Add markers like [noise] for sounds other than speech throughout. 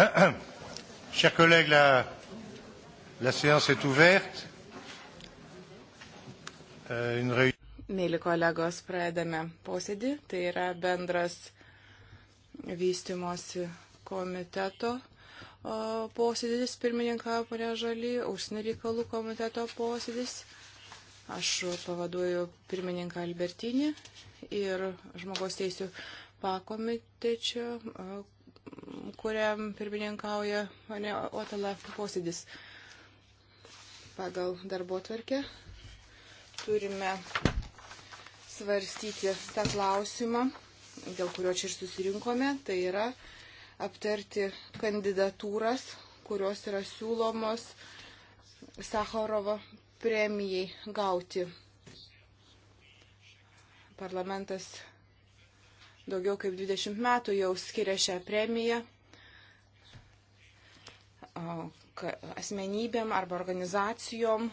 [clears throat] Chers collègues, la, la séance est ouverte. Euh, Mėly kolegos, pradedame posėdį. Tai yra bendras vystimosi komiteto posėdis, pirmininką ponė Žaly, užsienio reikalų komiteto posėdis. Aš pavaduoju pirmininką Albertinį ir žmogaus teisų pakomitečio kuriam pirmininkauja mane Otala posėdis. Pagal darbo tvarkę turime svarstyti tą klausimą, dėl kurio čia ir susirinkome, tai yra aptarti kandidatūras, kurios yra siūlomos Sakharovo premijai gauti. Parlamentas daugiau kaip 20 metų jau skiria šią premiją asmenybėm arba organizacijom,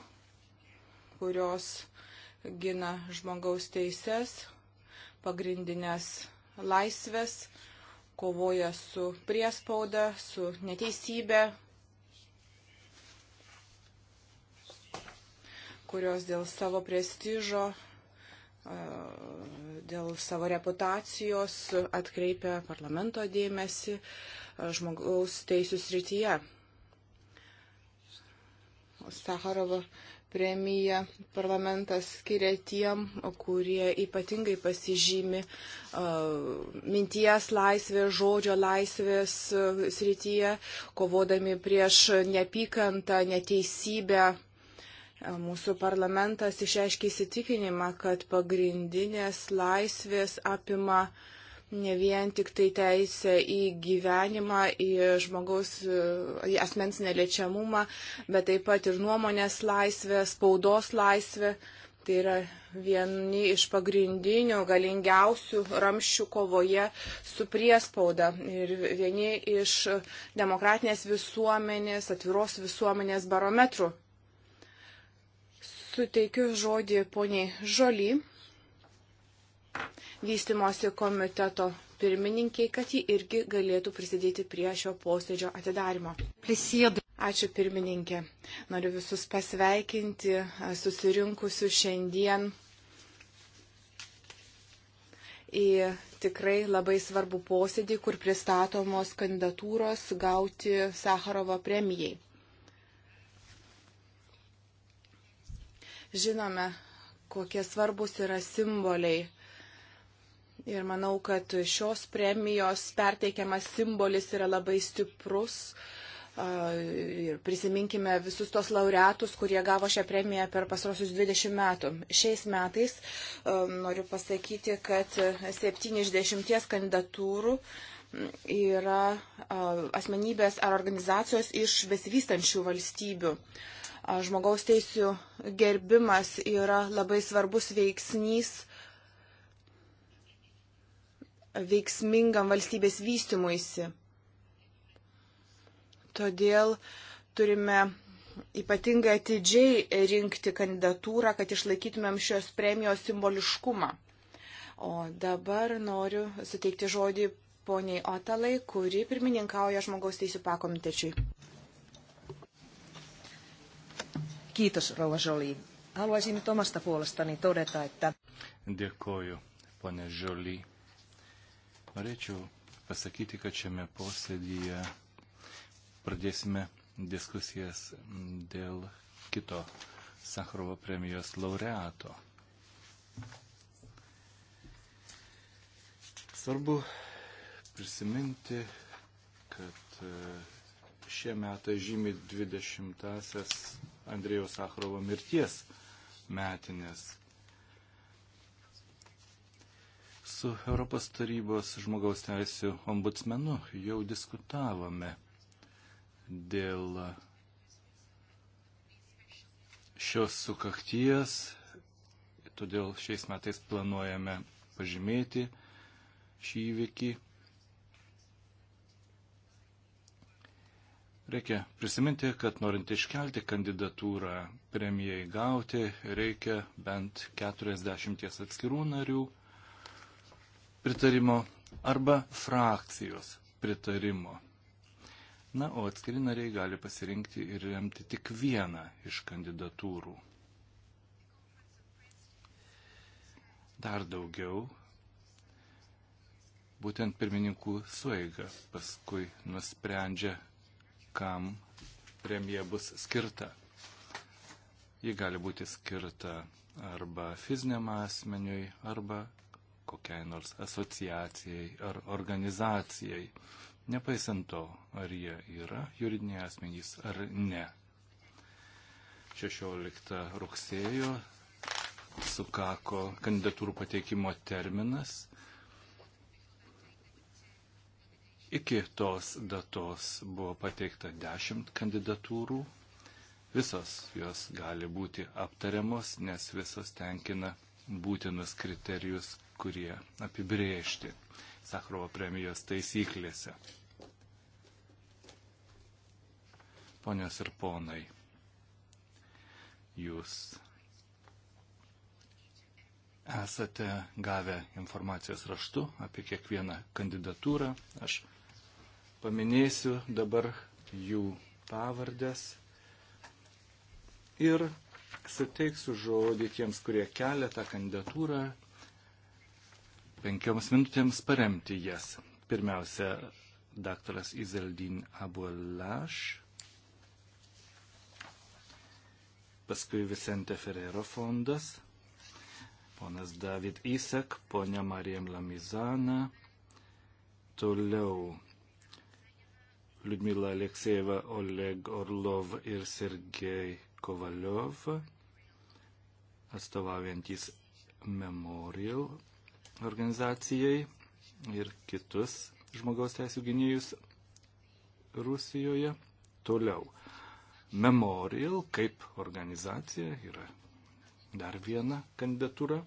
kurios gina žmogaus teises, pagrindinės laisvės, kovoja su priespauda, su neteisybė, kurios dėl savo prestižo, dėl savo reputacijos atkreipia parlamento dėmesį žmogaus teisų srityje. Saharovo premiją parlamentas skiria tiem, kurie ypatingai pasižymi uh, minties laisvės, žodžio laisvės uh, srityje, kovodami prieš neapykantą, neteisybę. Mūsų parlamentas išreiškia įsitikinimą, kad pagrindinės laisvės apima uh, ne vien tik tai teisę į gyvenimą, į žmogaus, į asmens neliečiamumą, bet taip pat ir nuomonės laisvę, spaudos laisvę. Tai yra vieni iš pagrindinių, galingiausių ramščių kovoje su priespauda ir vieni iš demokratinės visuomenės, atviros visuomenės barometrų. Suteikiu žodį poniai Žoly vystimosi komiteto pirmininkiai, kad ji irgi galėtų prisidėti prie šio posėdžio atidarimo. Prisėdu. Ačiū pirmininkė. Noriu visus pasveikinti susirinkusių šiandien į tikrai labai svarbų posėdį, kur pristatomos kandidatūros gauti Sakarovo premijai. Žinome, kokie svarbus yra simboliai Ir manau, kad šios premijos perteikiamas simbolis yra labai stiprus. Ir prisiminkime visus tos laureatus, kurie gavo šią premiją per pasrosius 20 metų. Šiais metais noriu pasakyti, kad 7 iš 10 kandidatūrų yra asmenybės ar organizacijos iš besivystančių valstybių. Žmogaus teisų gerbimas yra labai svarbus veiksnys veiksmingam valstybės vystimuisi. Todėl turime ypatingai atidžiai rinkti kandidatūrą, kad išlaikytumėm šios premijos simboliškumą. O dabar noriu suteikti žodį poniai Otalai, kuri pirmininkauja žmogaus teisų pakomitečiui. Kiitos, Rouva Jolie. Haluaisin nyt omasta puolestani todeta, että... Dėkoju, ponia Jolie. Norėčiau pasakyti, kad šiame posėdyje pradėsime diskusijas dėl kito Sakrovo premijos laureato. Svarbu prisiminti, kad e, šie metai žymi 20-asias Andrėjaus Sakrovo mirties metinės. su Europos tarybos žmogaus teisų ombudsmenu jau diskutavome dėl šios sukakties, todėl šiais metais planuojame pažymėti šį įvykį. Reikia prisiminti, kad norint iškelti kandidatūrą premijai gauti, reikia bent 40 atskirų narių pritarimo arba frakcijos pritarimo. Na, o atskiri nariai gali pasirinkti ir remti tik vieną iš kandidatūrų. Dar daugiau, būtent pirmininkų sueiga paskui nusprendžia, kam premija bus skirta. Ji gali būti skirta arba fiziniam asmeniui, arba kokiai nors asociacijai ar organizacijai, nepaisant to, ar jie yra juridiniai asmenys ar ne. 16 rugsėjo sukako kandidatūrų pateikimo terminas. Iki tos datos buvo pateikta 10 kandidatūrų. Visos jos gali būti aptariamos, nes visos tenkina būtinus kriterijus, kurie apibrėžti Sakrovo premijos taisyklėse. Ponios ir ponai, jūs esate gavę informacijos raštu apie kiekvieną kandidatūrą. Aš paminėsiu dabar jų pavardės ir suteiksiu žodį tiems, kurie kelia tą kandidatūrą penkioms minutėms paremti jas. Pirmiausia, daktaras Izeldin Abuelaš, paskui Vicente Ferrero fondas, ponas David Isek, ponia Marijam Lamizana, toliau Liudmila Aleksejeva, Oleg Orlov ir Sergej Kovaliov, atstovaujantys Memorial organizacijai ir kitus žmogaus teisų gynėjus Rusijoje. Toliau. Memorial kaip organizacija yra dar viena kandidatūra.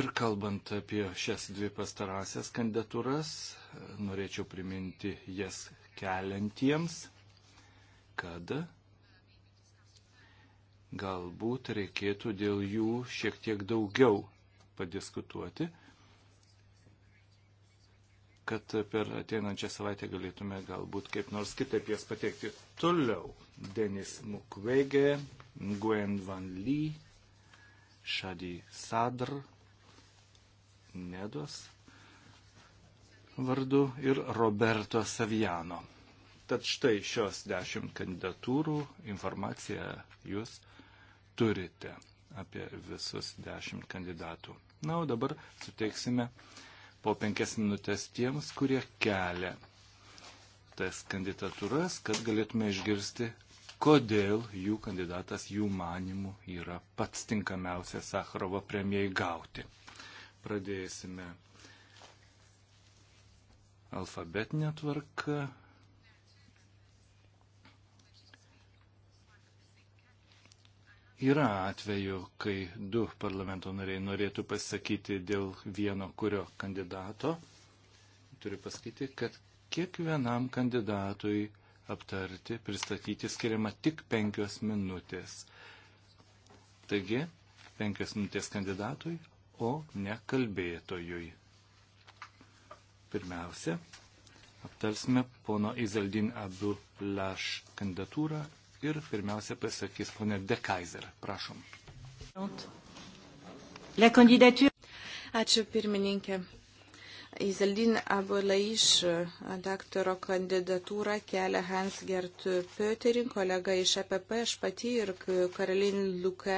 Ir kalbant apie šias dvi pastarąsias kandidatūras, norėčiau priminti jas keliantiems, kad Galbūt reikėtų dėl jų šiek tiek daugiau padiskutuoti, kad per ateinančią savaitę galėtume galbūt kaip nors kitaip jas pateikti. Toliau Denis Mukwege, Gwen Van Lee, Shadi Sadr, Nedos vardu ir Roberto Saviano. Tad štai šios dešimt kandidatūrų informacija jūs turite apie visus dešimt kandidatų. Na, o dabar suteiksime po penkias minutės tiems, kurie kelia tas kandidatūras, kad galėtume išgirsti, kodėl jų kandidatas jų manimų yra pats tinkamiausias Sakharovo premijai gauti. Pradėsime alfabetinę tvarką Yra atveju, kai du parlamento nariai norėtų pasakyti dėl vieno kurio kandidato. Turiu pasakyti, kad kiekvienam kandidatui aptarti, pristatyti skiriama tik penkios minutės. Taigi, penkios minutės kandidatui, o ne kalbėtojui. Pirmiausia, aptarsime pono Izaldin Abu Laš kandidatūrą ir pirmiausia pasakys ponė De Kaiser. Prašom. Ačiū pirmininkė. Izeldin Abulaiš daktaro kandidatūrą kelia Hans Gert Pöterin, kolega iš APP, aš pati ir Karolin Luke.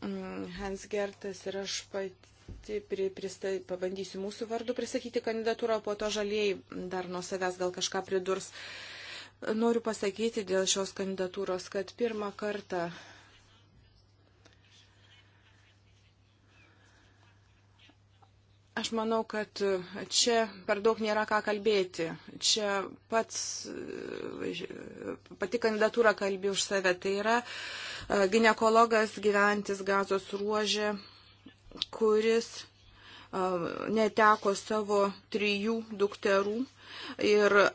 Mm, Hans Gertas ir aš pati pri, pristai, pabandysiu mūsų vardu pristatyti kandidatūrą, o po to žalieji dar nuo savęs gal kažką pridurs. Uh, Noriu pasakyti dėl šios kandidatūros, kad pirmą kartą Aš manau, kad čia per daug nėra ką kalbėti. Čia pats, pati kandidatūra kalbi už save. Tai yra e, gynekologas gyventis gazos ruožė, kuris e, neteko savo trijų dukterų ir e,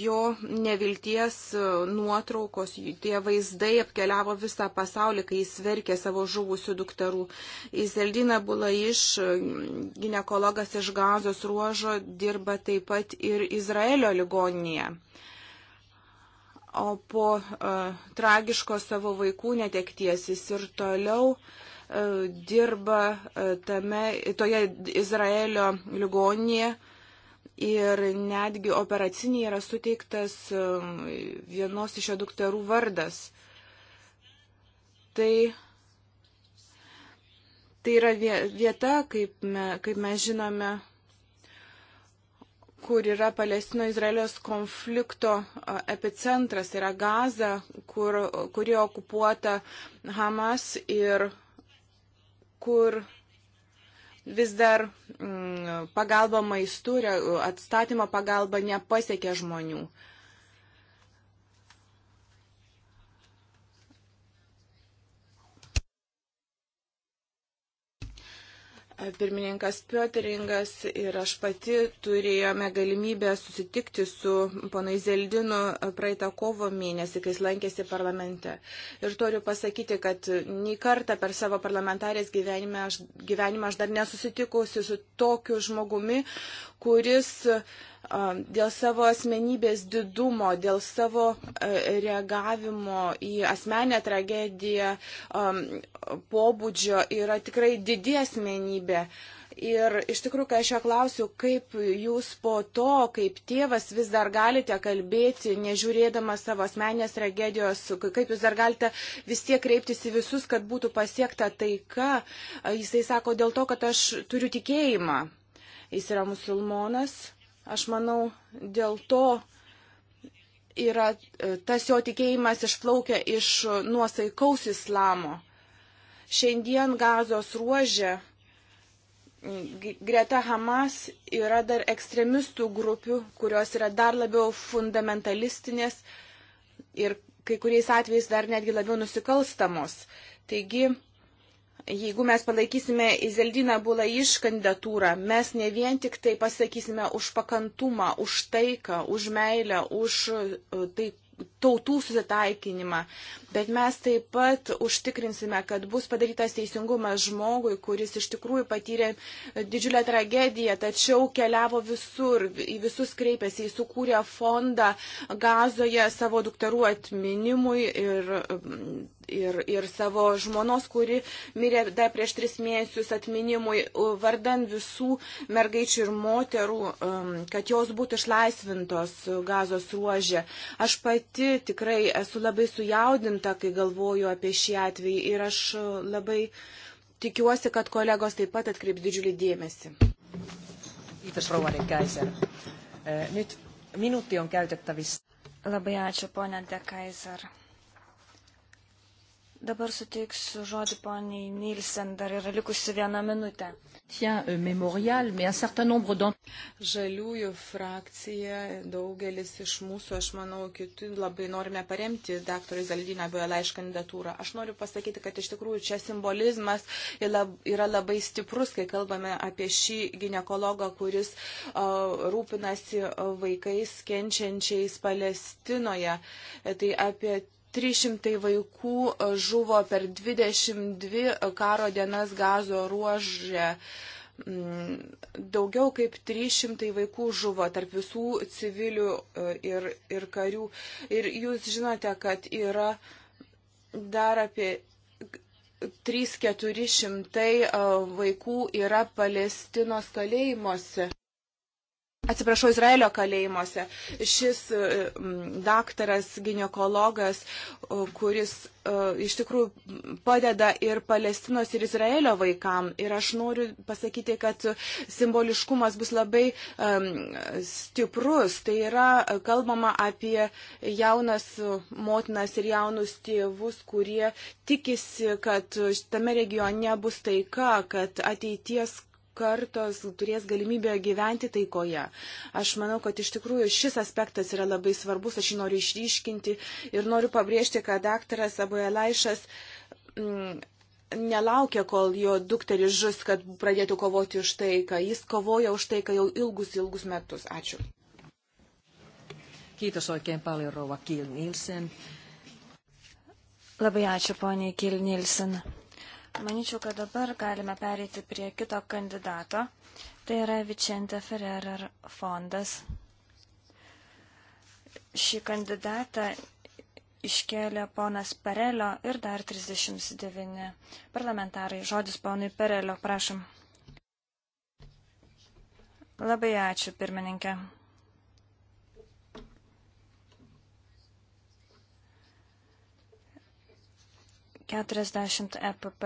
jo nevilties e, nuotraukos, tie vaizdai apkeliavo visą pasaulį, kai jis verkė savo žuvusių dukterų. Izeldina Bulaiš, e, ginekologas iš Gazos ruožo, dirba taip pat ir Izraelio ligoninėje o po uh, tragiško savo vaikų netekties jis ir toliau uh, dirba uh, tame, toje Izraelio ligoninėje, Ir netgi operaciniai yra suteiktas um, vienos iš jo dukterų vardas. Tai, tai yra vieta, kaip, me, kaip mes žinome, kur yra Palestino-Izraelijos konflikto epicentras, tai yra Gaza, kur, kuri okupuota Hamas ir kur vis dar mm, pagalba maistu, atstatymo pagalba nepasiekia žmonių. Uh, Pirmininkas Piotringas ir aš pati turėjome galimybę susitikti su ponai Zeldinu praeitą kovo mėnesį, kai jis lankėsi parlamente. Ir turiu pasakyti, kad nei kartą per savo parlamentarės gyvenimą aš, gyvenimą aš dar nesusitikusi su tokiu žmogumi, kuris uh, dėl savo asmenybės didumo, dėl savo e, reagavimo į asmenę tragediją pobūdžio yra tikrai didi asmenybė. Ir iš tikrųjų, kai aš jo klausiu, kaip jūs po to, kaip tėvas vis dar galite kalbėti, nežiūrėdamas savo asmenės tragedijos, kaip jūs dar galite vis tiek kreiptis į visus, kad būtų pasiekta taika, jisai sako dėl to, kad aš turiu tikėjimą. Jis yra musulmonas, Aš manau, dėl to yra e, tas jo tikėjimas išplaukia iš nuosaikaus islamo. Šiandien gazos ruožė greta Hamas yra dar ekstremistų grupių, kurios yra dar labiau fundamentalistinės ir kai kuriais atvejais dar netgi labiau nusikalstamos. Taigi Jeigu mes palaikysime Izeldiną Bulaiš kandidatūrą, mes ne vien tik tai pasakysime už pakantumą, už taiką, už meilę, už e, tai, tautų susitaikinimą, bet mes taip pat užtikrinsime, kad bus padarytas teisingumas žmogui, kuris iš tikrųjų patyrė didžiulę tragediją, tačiau keliavo visur, į visus kreipėsi, jis sukūrė fondą gazoje savo dukterų atminimui ir ir, ir savo žmonos, kuri mirė dar prieš tris mėnesius atminimui, vardan visų mergaičių ir moterų, um, kad jos būtų išlaisvintos gazos ruožė. Aš pati tikrai esu labai sujaudinta, kai galvoju apie šį atvejį ir aš labai tikiuosi, kad kolegos taip pat atkreips didžiulį dėmesį. Kiitos, Rouvarin Kaiser. Nyt minuutti on käytettävissä. Labai ačiū, ponia De Kaiser. Dabar suteiksiu žodį poniai Nilsen, dar yra likusi viena minutė. Euh, Žaliųjų frakcija, daugelis iš mūsų, aš manau, kitų labai norime paremti dr. Zaldinę Biolaiš kandidatūrą. Aš noriu pasakyti, kad iš tikrųjų čia simbolizmas yra labai stiprus, kai kalbame apie šį gynekologą, kuris rūpinasi vaikais kenčiančiais Palestinoje. Tai apie 300 vaikų e, žuvo per 22 e, karo dienas gazo ruožė. Mm, daugiau kaip 300 vaikų žuvo tarp visų civilių e, ir, ir karių. Ir jūs žinote, kad yra dar apie 3-400 vaikų yra Palestinos kalėjimuose. Atsiprašau, Izraelio kalėjimuose. Šis e, daktaras, gynekologas, kuris e, iš tikrųjų padeda ir Palestinos, ir Izraelio vaikam. Ir aš noriu pasakyti, kad simboliškumas bus labai um, stiprus. Tai yra kalbama apie jaunas motinas ir jaunus tėvus, kurie tikisi, kad tame regione bus taika, kad ateities kartos turės galimybę gyventi taikoje. Aš manau, kad iš tikrųjų šis aspektas yra labai svarbus, aš jį noriu išryškinti ir noriu pabrėžti, kad daktaras Abuelaišas mm, nelaukia, kol jo dukteris žus, kad pradėtų kovoti už taiką. Jis kovoja už taiką jau ilgus, ilgus metus. Ačiū. Kiitos oikein paljon, Rova Kiel Nielsen. Labai ačiū, poniai Kiel Nielsen. Maničiau, kad dabar galime pereiti prie kito kandidato. Tai yra Vicente Ferrer fondas. Šį kandidatą iškėlė ponas Perelio ir dar 39 parlamentarai. Žodis ponui Perelio, prašom. Labai ačiū, pirmininkė. 40 EPP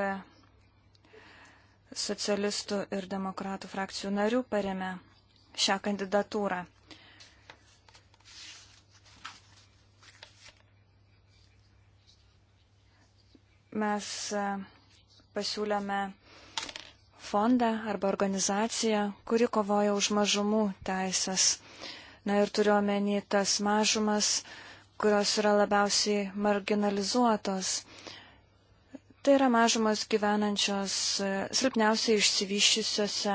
socialistų ir demokratų frakcijų narių paremė šią kandidatūrą. Mes e, pasiūlėme fondą arba organizaciją, kuri kovoja už mažumų teisės. Na ir turiuomenį tas mažumas, kurios yra labiausiai marginalizuotos Tai yra mažumas gyvenančios e, silpniausiai išsivyščiusiuose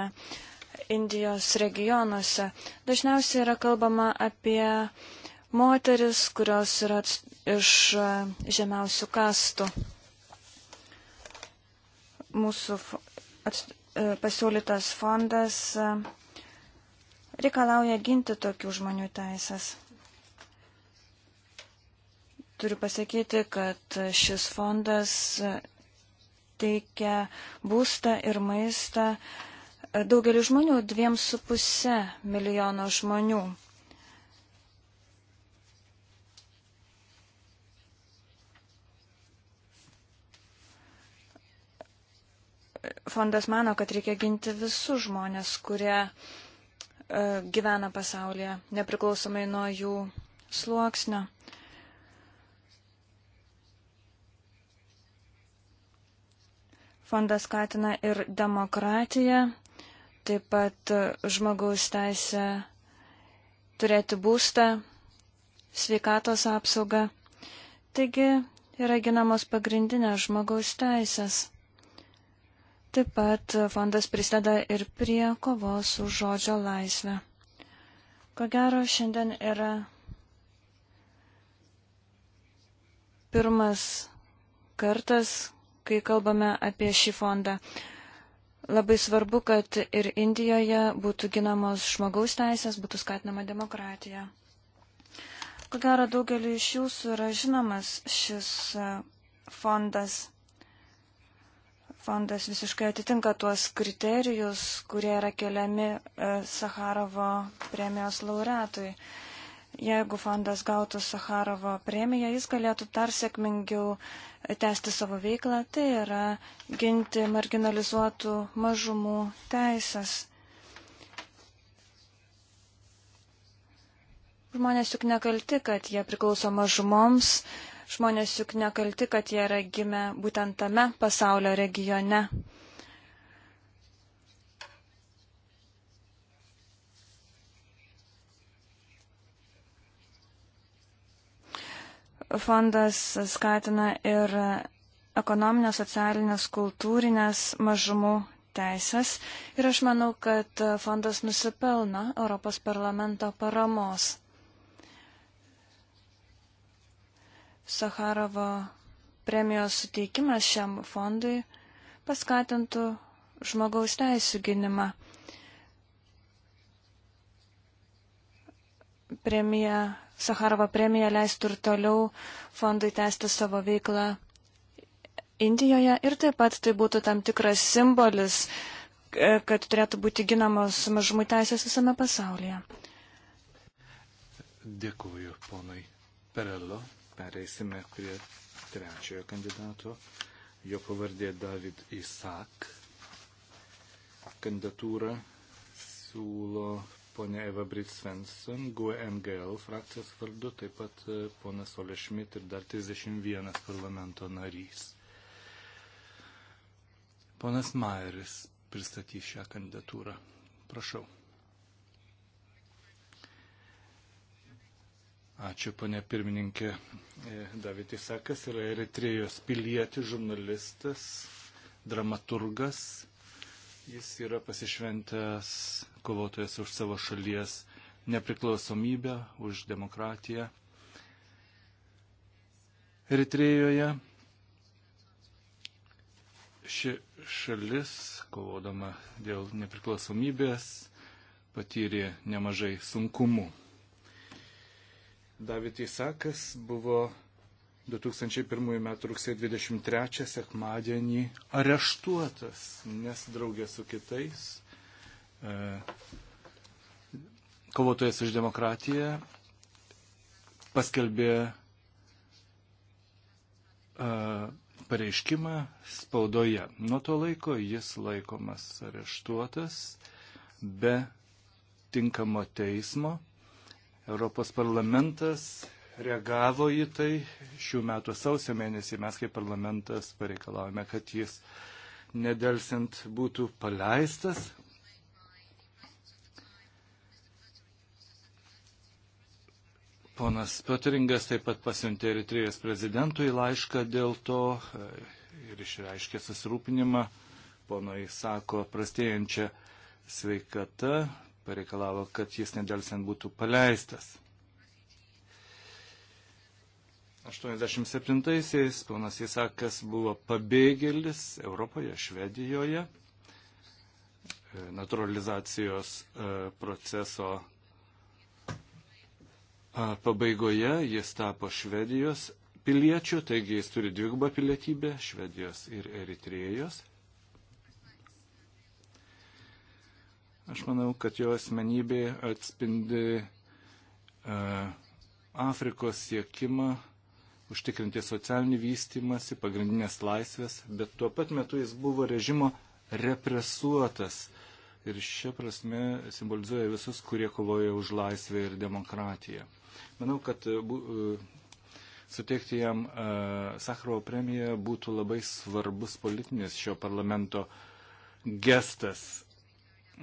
Indijos regionuose. Dažniausiai yra kalbama apie moteris, kurios yra iš e, žemiausių kastų. Mūsų e, pasiūlytas fondas reikalauja ginti tokių žmonių teisės. Turiu pasakyti, kad šis fondas teikia būstą ir maistą e, daugelį žmonių, dviem su pusė milijono žmonių. Fondas mano, kad reikia ginti visus žmonės, kurie e, gyvena pasaulyje, nepriklausomai nuo jų sluoksnio. Fondas skatina ir demokratiją, taip pat žmogaus teisę turėti būstą, sveikatos apsaugą. Taigi yra ginamos pagrindinės žmogaus teisės. Taip pat fondas prisideda ir prie kovos už žodžio laisvę. Ko gero, šiandien yra pirmas kartas, kai kalbame apie šį fondą. Labai svarbu, kad ir Indijoje būtų ginamos žmogaus teisės, būtų skatinama demokratija. Ko gero daugeliu iš jūsų yra žinomas šis e, fondas fondas visiškai atitinka tuos kriterijus, kurie yra keliami e, Sakarovo premijos laureatui jeigu fondas gautų Sakarovo premiją, jis galėtų dar sėkmingiau tęsti savo veiklą, tai yra ginti marginalizuotų mažumų teisės. Žmonės juk nekalti, kad jie priklauso mažumoms, žmonės juk nekalti, kad jie yra gimę būtent tame pasaulio regione. Fondas skatina ir ekonominės, socialinės, kultūrinės mažumų teisės ir aš manau, kad fondas nusipelna Europos parlamento paramos. Sakarovo premijos suteikimas šiam fondui paskatintų žmogaus teisų gynimą. Premija Saharovo premija leistų ir toliau fondui tęsti savo veiklą Indijoje ir taip pat tai būtų tam tikras simbolis, e, kad turėtų būti ginamos mažumų teisės visame pasaulyje. Dėkuoju, ponai Perello. Pereisime prie trečiojo kandidato. Jo pavardė David Isak. Kandidatūrą siūlo ponė Eva Brit Svensson, GUNGL e frakcijos vardu, taip pat e, ponas Ole Schmidt ir dar 31 parlamento narys. Ponas Maeris pristatys šią kandidatūrą. Prašau. Ačiū, ponė pirmininkė. E, David Isakas yra Eritrėjos pilietis, žurnalistas, dramaturgas Jis yra pasišventęs kovotojas už savo šalies nepriklausomybę, už demokratiją. Eritrėjoje ši šalis, kovodama dėl nepriklausomybės, patyrė nemažai sunkumų. David Isakas buvo 2001 m. rugsėjo 23 sekmadienį areštuotas, nes draugė su kitais e, kovotojas už demokratiją paskelbė e, pareiškimą spaudoje. Nuo to laiko jis laikomas areštuotas be tinkamo teismo. Europos parlamentas reagavo į tai. Šių metų sausio mėnesį mes kaip parlamentas pareikalavome, kad jis nedelsint būtų paleistas. Ponas Pöteringas taip pat pasiuntė Eritrijos prezidentui laišką dėl to e, ir išreiškė susirūpinimą. Ponoj sako prastėjančią sveikatą, pareikalavo, kad jis nedelsint būtų paleistas. 87-aisiais ponas Įsakas buvo pabėgėlis Europoje, Švedijoje. E, naturalizacijos e, proceso e, pabaigoje jis tapo Švedijos piliečių, taigi jis turi dvigubą pilietybę - Švedijos ir Eritrėjos. Aš manau, kad jo asmenybė atspindi uh, Afrikos siekimą užtikrinti socialinį vystimąsi, pagrindinės laisvės, bet tuo pat metu jis buvo režimo represuotas. Ir šia prasme simbolizuoja visus, kurie kovoja už laisvę ir demokratiją. Manau, kad e, e, suteikti jam e, Sakrovo premiją būtų labai svarbus politinis šio parlamento gestas.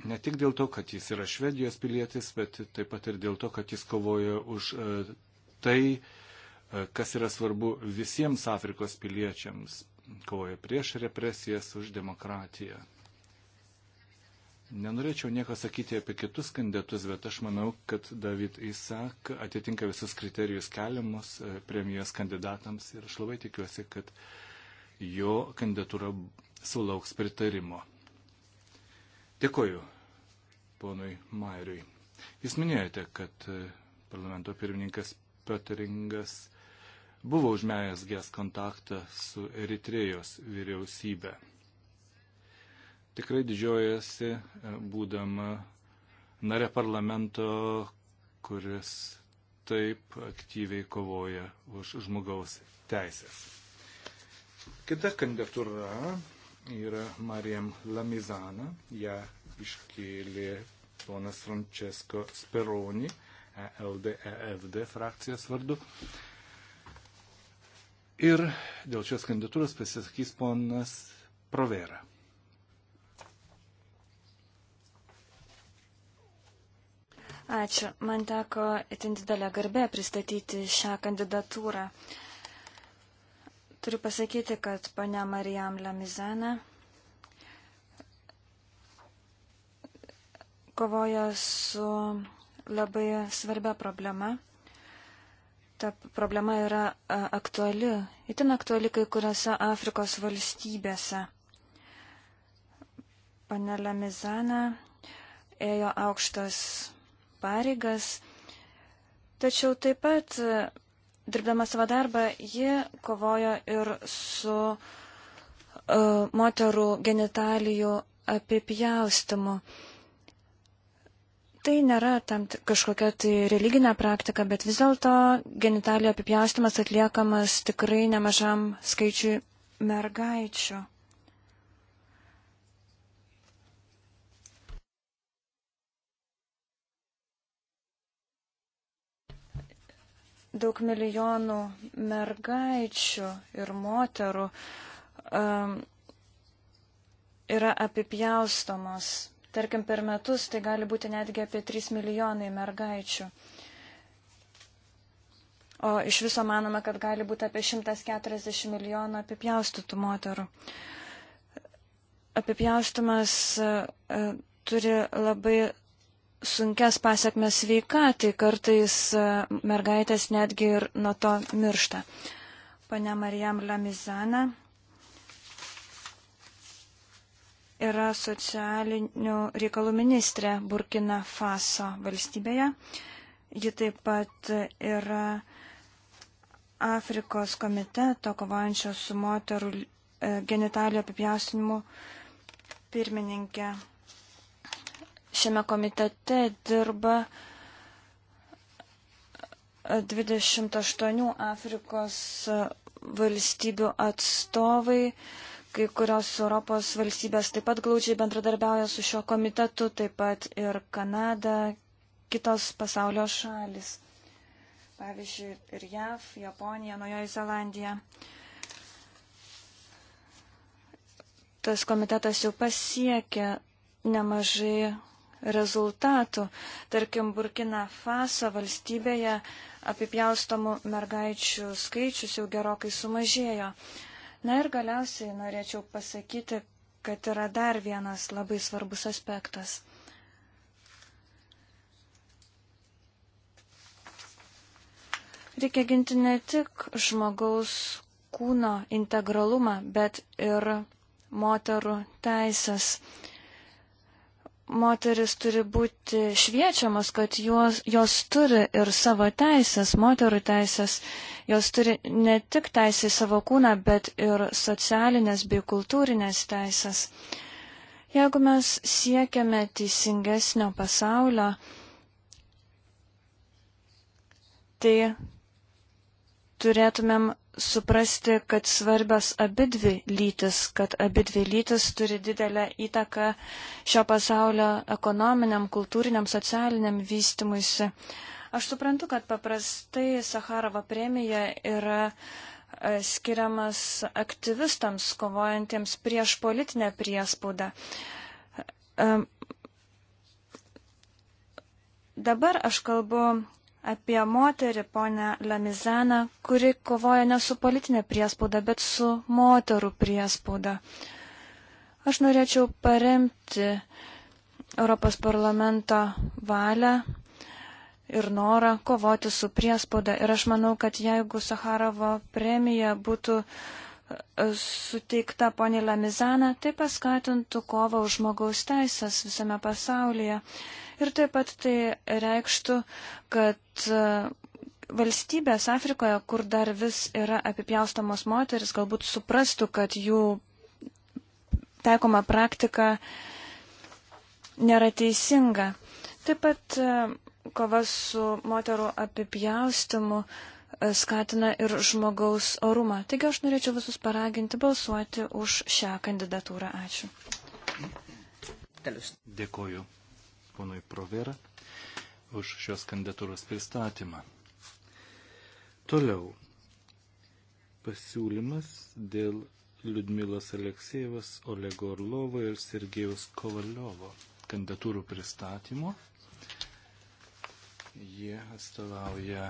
Ne tik dėl to, kad jis yra Švedijos pilietis, bet taip pat ir dėl to, kad jis kovoja už tai, E, kas yra svarbu visiems Afrikos piliečiams, kovoja prieš represijas už demokratiją. Nenorėčiau nieko sakyti apie kitus kandidatus, bet aš manau, kad David Isak atitinka visus kriterijus keliamus e, premijos kandidatams ir aš labai tikiuosi, kad jo kandidatūra sulauks pritarimo. Dėkoju ponui Mairiui. Jūs minėjote, kad e, parlamento pirmininkas Pöteringas buvo užmėjęsgęs kontaktą su Eritrėjos vyriausybė. Tikrai didžiuojasi e, būdama nare parlamento, kuris taip aktyviai kovoja už žmogaus teisės. Kita kandidatūra yra Marijam Lamizana, ją iškėlė ponas Francesco Speroni, ELDEFD e frakcijos vardu. E, Ir dėl šios kandidatūros pasisakys ponas Provera. Ačiū. Man teko itin didelę garbę pristatyti šią kandidatūrą. Turiu pasakyti, kad ponia Marijam Lamizana kovoja su labai svarbia problema ta problema yra aktuali, itin aktuali kai kuriuose Afrikos valstybėse. Panelė Mizana ėjo aukštas pareigas, tačiau taip pat, dirbdama savo darbą, ji kovojo ir su uh, moterų genitalijų apipjaustimu. Uh, tai nėra tam kažkokia tai religinė praktika, bet vis dėlto genitalijų apipjaustimas atliekamas tikrai nemažam skaičiui mergaičių. Daug milijonų mergaičių ir moterų um, yra apipjaustomos Tarkim, per metus tai gali būti netgi apie 3 milijonai mergaičių. O iš viso manome, kad gali būti apie 140 milijonų apipjaustytų moterų. Apipjaustumas e, turi labai sunkes pasiekmes sveikatai, kartais e, mergaitės netgi ir nuo to miršta. Pane Marijam Lamizana. yra socialinių reikalų ministrė Burkina Faso valstybėje. Ji taip pat yra Afrikos komiteto kovojančio su moterų e, genitalio apipjaustinimu pirmininkė. Šiame komitete dirba 28 Afrikos valstybių atstovai Kai kurios Europos valstybės taip pat glaučiai bendradarbiauja su šio komitetu, taip pat ir Kanada, kitos pasaulio šalis. Pavyzdžiui, ir JAV, Japonija, Naujoji Zelandija. Tas komitetas jau pasiekė nemažai rezultatų. Tarkim, Burkina Faso valstybėje apipjaustomų mergaičių skaičius jau gerokai sumažėjo. Na ir galiausiai norėčiau pasakyti, kad yra dar vienas labai svarbus aspektas. Reikia ginti ne tik žmogaus kūno integralumą, bet ir moterų teisės moteris turi būti šviečiamas, kad jos, jos turi ir savo teisės, moterų teisės, jos turi ne tik teisę į savo kūną, bet ir socialinės bei kultūrinės teisės. Jeigu mes siekiame teisingesnio pasaulio, tai turėtumėm suprasti, kad svarbios abidvi lytis, kad abidvi lytis turi didelę įtaką šio pasaulio ekonominiam, kultūriniam, socialiniam vystimuisi. Aš suprantu, kad paprastai Sakarovo premija yra e, skiriamas aktyvistams kovojantiems prieš politinę priespaudą. E, dabar aš kalbu apie moterį, ponę Lamizaną, kuri kovoja ne su politinė priespauda, bet su moterų priespauda. Aš norėčiau paremti Europos parlamento valią ir norą kovoti su priespauda. Ir aš manau, kad jeigu Saharovo premija būtų e, suteikta ponė Lamizana, tai paskatintų kovą už žmogaus teisės visame pasaulyje. Ir taip pat tai reikštų, kad e, valstybės Afrikoje, kur dar vis yra apipjaustamos moteris, galbūt suprastų, kad jų taikoma praktika nėra teisinga. Taip pat e, kova su moterų apipjaustimu e, skatina ir žmogaus orumą. Taigi aš norėčiau visus paraginti balsuoti už šią kandidatūrą. Ačiū. Dėkuoju ponui Provera už šios kandidatūros pristatymą. Toliau pasiūlymas dėl Liudmilos Aleksejevas, Olego Orlovo ir Sergejaus Kovaliovo kandidatūrų pristatymo. Jie atstovauja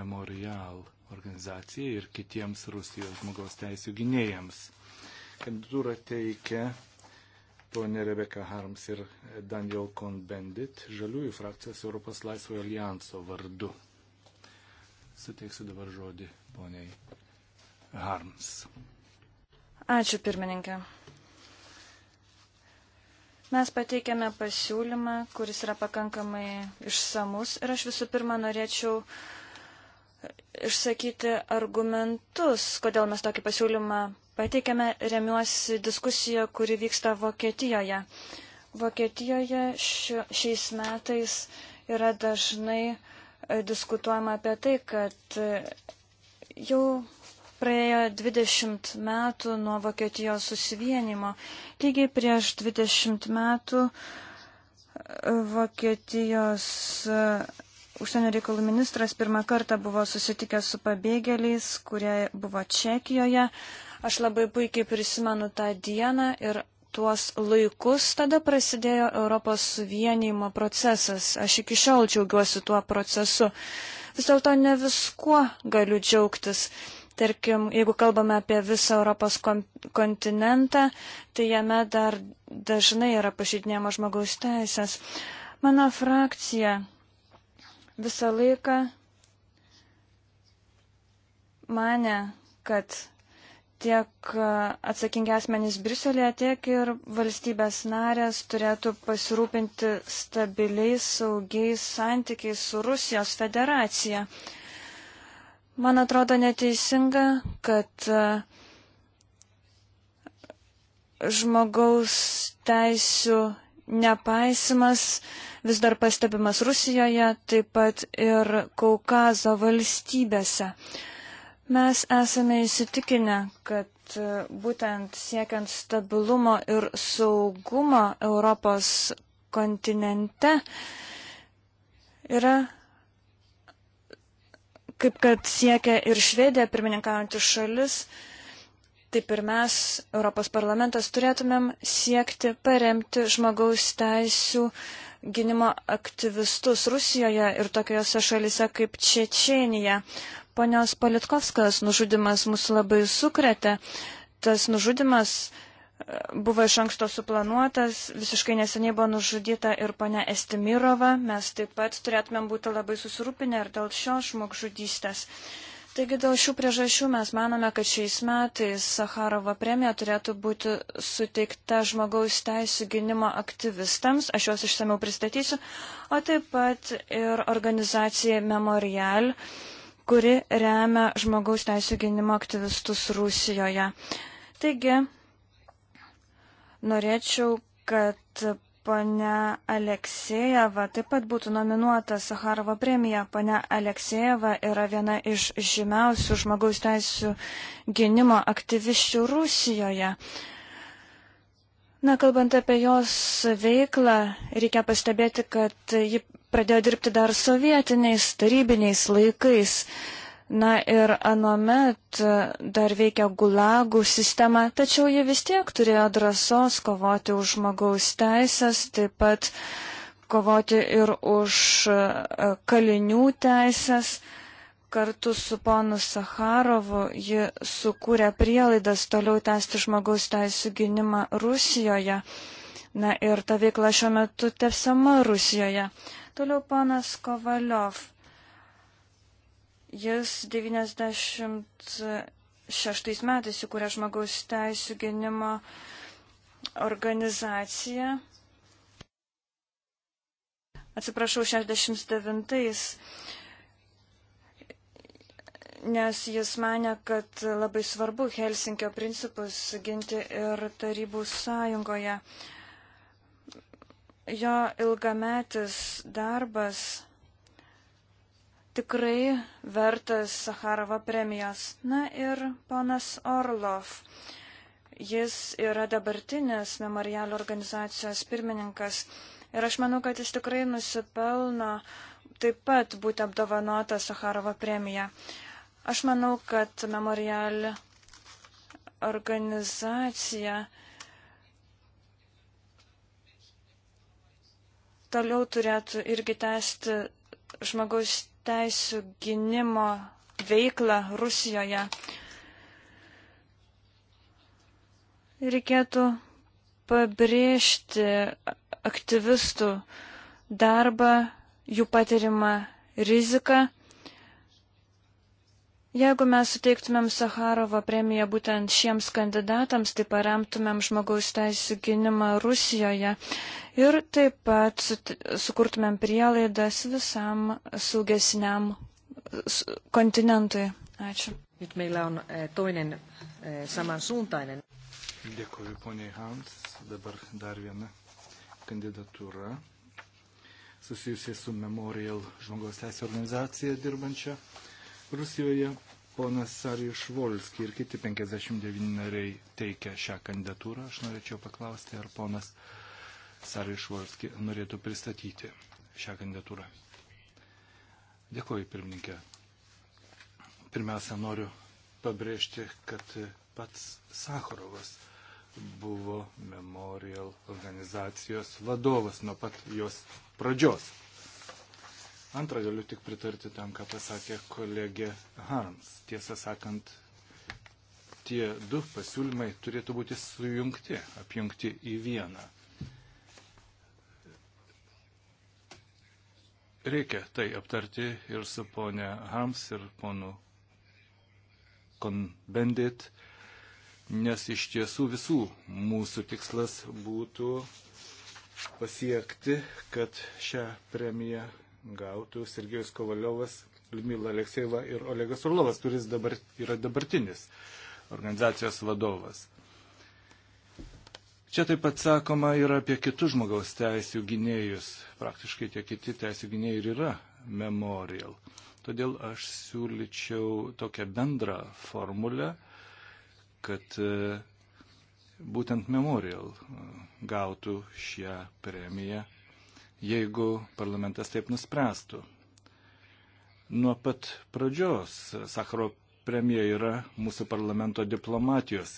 Memorial organizacijai ir kitiems Rusijos žmogaus teisų gynėjams. Kandidatūrą teikia ponė Rebeka Harms ir Daniel Konbendit, žaliųjų frakcijos Europos laisvojo alijanso vardu. Suteiksiu dabar žodį poniai Harms. Ačiū pirmininkė. Mes pateikėme pasiūlymą, kuris yra pakankamai išsamus ir aš visų pirma norėčiau išsakyti argumentus, kodėl mes tokį pasiūlymą pateikėme remiuosi diskusiją, kuri vyksta Vokietijoje. Vokietijoje šiais metais yra dažnai e, diskutuojama apie tai, kad e, jau praėjo 20 metų nuo Vokietijos susivienimo. Lygiai prieš 20 metų e, Vokietijos užsienio reikalų ministras pirmą kartą buvo susitikęs su pabėgėliais, kurie buvo Čekijoje. Aš labai puikiai prisimenu tą dieną ir tuos laikus tada prasidėjo Europos suvienijimo procesas. Aš iki šiol džiaugiuosi tuo procesu. Vis dėlto ne viskuo galiu džiaugtis. Tarkim, jeigu kalbame apie visą Europos kontinentą, tai jame dar dažnai yra pažydinėjama žmogaus teisės. Mano frakcija visą laiką mane, kad tiek atsakingi asmenys Briuselėje, tiek ir valstybės narės turėtų pasirūpinti stabiliais, saugiais santykiais su Rusijos federacija. Man atrodo neteisinga, kad e, žmogaus teisų nepaisimas vis dar pastebimas Rusijoje, taip pat ir Kaukazo valstybėse. Uh, Mes esame įsitikinę, kad e, būtent siekiant stabilumo ir saugumo Europos kontinente yra, kaip kad siekia ir Švedija pirmininkaujantis šalis, taip ir mes, Europos parlamentas, turėtumėm siekti paremti žmogaus teisų gynimo aktyvistus Rusijoje ir tokiose šalise kaip Čečenija. Ponios Politkovskas nužudimas mus labai sukretė. Tas nužudimas e, buvo iš anksto suplanuotas, visiškai neseniai buvo nužudyta ir ponia Estimirova, mes taip pat turėtumėm būti labai susirūpinę ir dėl šios žmogžudystės. Taigi dėl šių priežasčių mes manome, kad šiais metais Sakarovo premija turėtų būti suteikta žmogaus teisų gynimo aktyvistams, aš juos išsameu pristatysiu, o taip pat ir organizacijai Memorial. Uh, kuri remia žmogaus teisų gynimo aktyvistus Rusijoje. Taigi, norėčiau, kad ponia Aleksejeva taip pat būtų nominuota Sakarovo premija. Ponia Aleksejeva yra viena iš žymiausių žmogaus teisų gynimo aktyviščių Rusijoje. Na, kalbant apie jos veiklą, reikia pastebėti, kad ji pradėjo dirbti dar sovietiniais, tarybiniais laikais. Na ir anomet dar veikia gulagų sistema, tačiau jie vis tiek turėjo drąsos kovoti už žmogaus teisės, taip pat kovoti ir už e, kalinių teisės. Kartu su ponu Sakharovu ji sukūrė prielaidas toliau tęsti žmogaus teisų gynimą Rusijoje. Na ir ta veikla šiuo metu tęsiama Rusijoje. Toliau panas Kovaliov. Jis 96 metais įkūrė žmogaus teisų gynimo organizaciją. Atsiprašau, 69-ais nes jis mane, kad labai svarbu Helsinkio principus ginti ir tarybų sąjungoje. Jo ilgametis darbas tikrai vertas Sakarovo premijos. Na ir ponas Orlov. Jis yra dabartinis memorialo organizacijos pirmininkas ir aš manau, kad jis tikrai nusipelno taip pat būti apdovanota Sakarovo premija. Aš manau, kad memorial organizacija uh, toliau turėtų irgi tęsti žmogaus teisų gynimo veiklą Rusijoje. Reikėtų pabrėžti aktyvistų darbą, jų patirimą riziką. Jeigu mes suteiktumėm Sakharovo premiją būtent šiems kandidatams, tai paremtumėm žmogaus teisų gynimą Rusijoje ir taip pat sukurtumėm prielaidas visam saugesniam kontinentui. Ačiū. Nyt meillä on eh, toinen eh, samansuuntainen. Dėkuoju, poniai Hans. Dabar dar viena kandidatūra susijusi su Memorial žmogaus teisų organizacija dirbančia Rusijoje ponas Sarijus Švolski ir kiti 59 nariai teikia šią kandidatūrą. Aš norėčiau paklausti, ar ponas Sarijus Švolski norėtų pristatyti šią kandidatūrą. Dėkuoju, pirmininkė. Pirmiausia, noriu pabrėžti, kad pats Sakharovas buvo Memorial organizacijos vadovas nuo pat jos pradžios. Antra, galiu tik pritarti tam, ką pasakė kolegė Harms. Tiesą sakant, tie du pasiūlymai turėtų būti sujungti, apjungti į vieną. Reikia tai aptarti ir su ponė Harms ir ponu Konbendit, nes iš tiesų visų mūsų tikslas būtų pasiekti, kad šią premiją gautų Sergejus Kovaliovas, Liudmila Aleksejeva ir Olegas Urlovas, kuris dabar yra dabartinis organizacijos vadovas. Čia taip pat sakoma ir apie kitus žmogaus teisų gynėjus. Praktiškai tie kiti teisų gynėjai ir yra memorial. Todėl aš siūlyčiau tokią bendrą formulę, kad e, būtent memorial e, gautų šią premiją jeigu parlamentas taip nuspręstų. Nuo pat pradžios Sakaro premija yra mūsų parlamento diplomatijos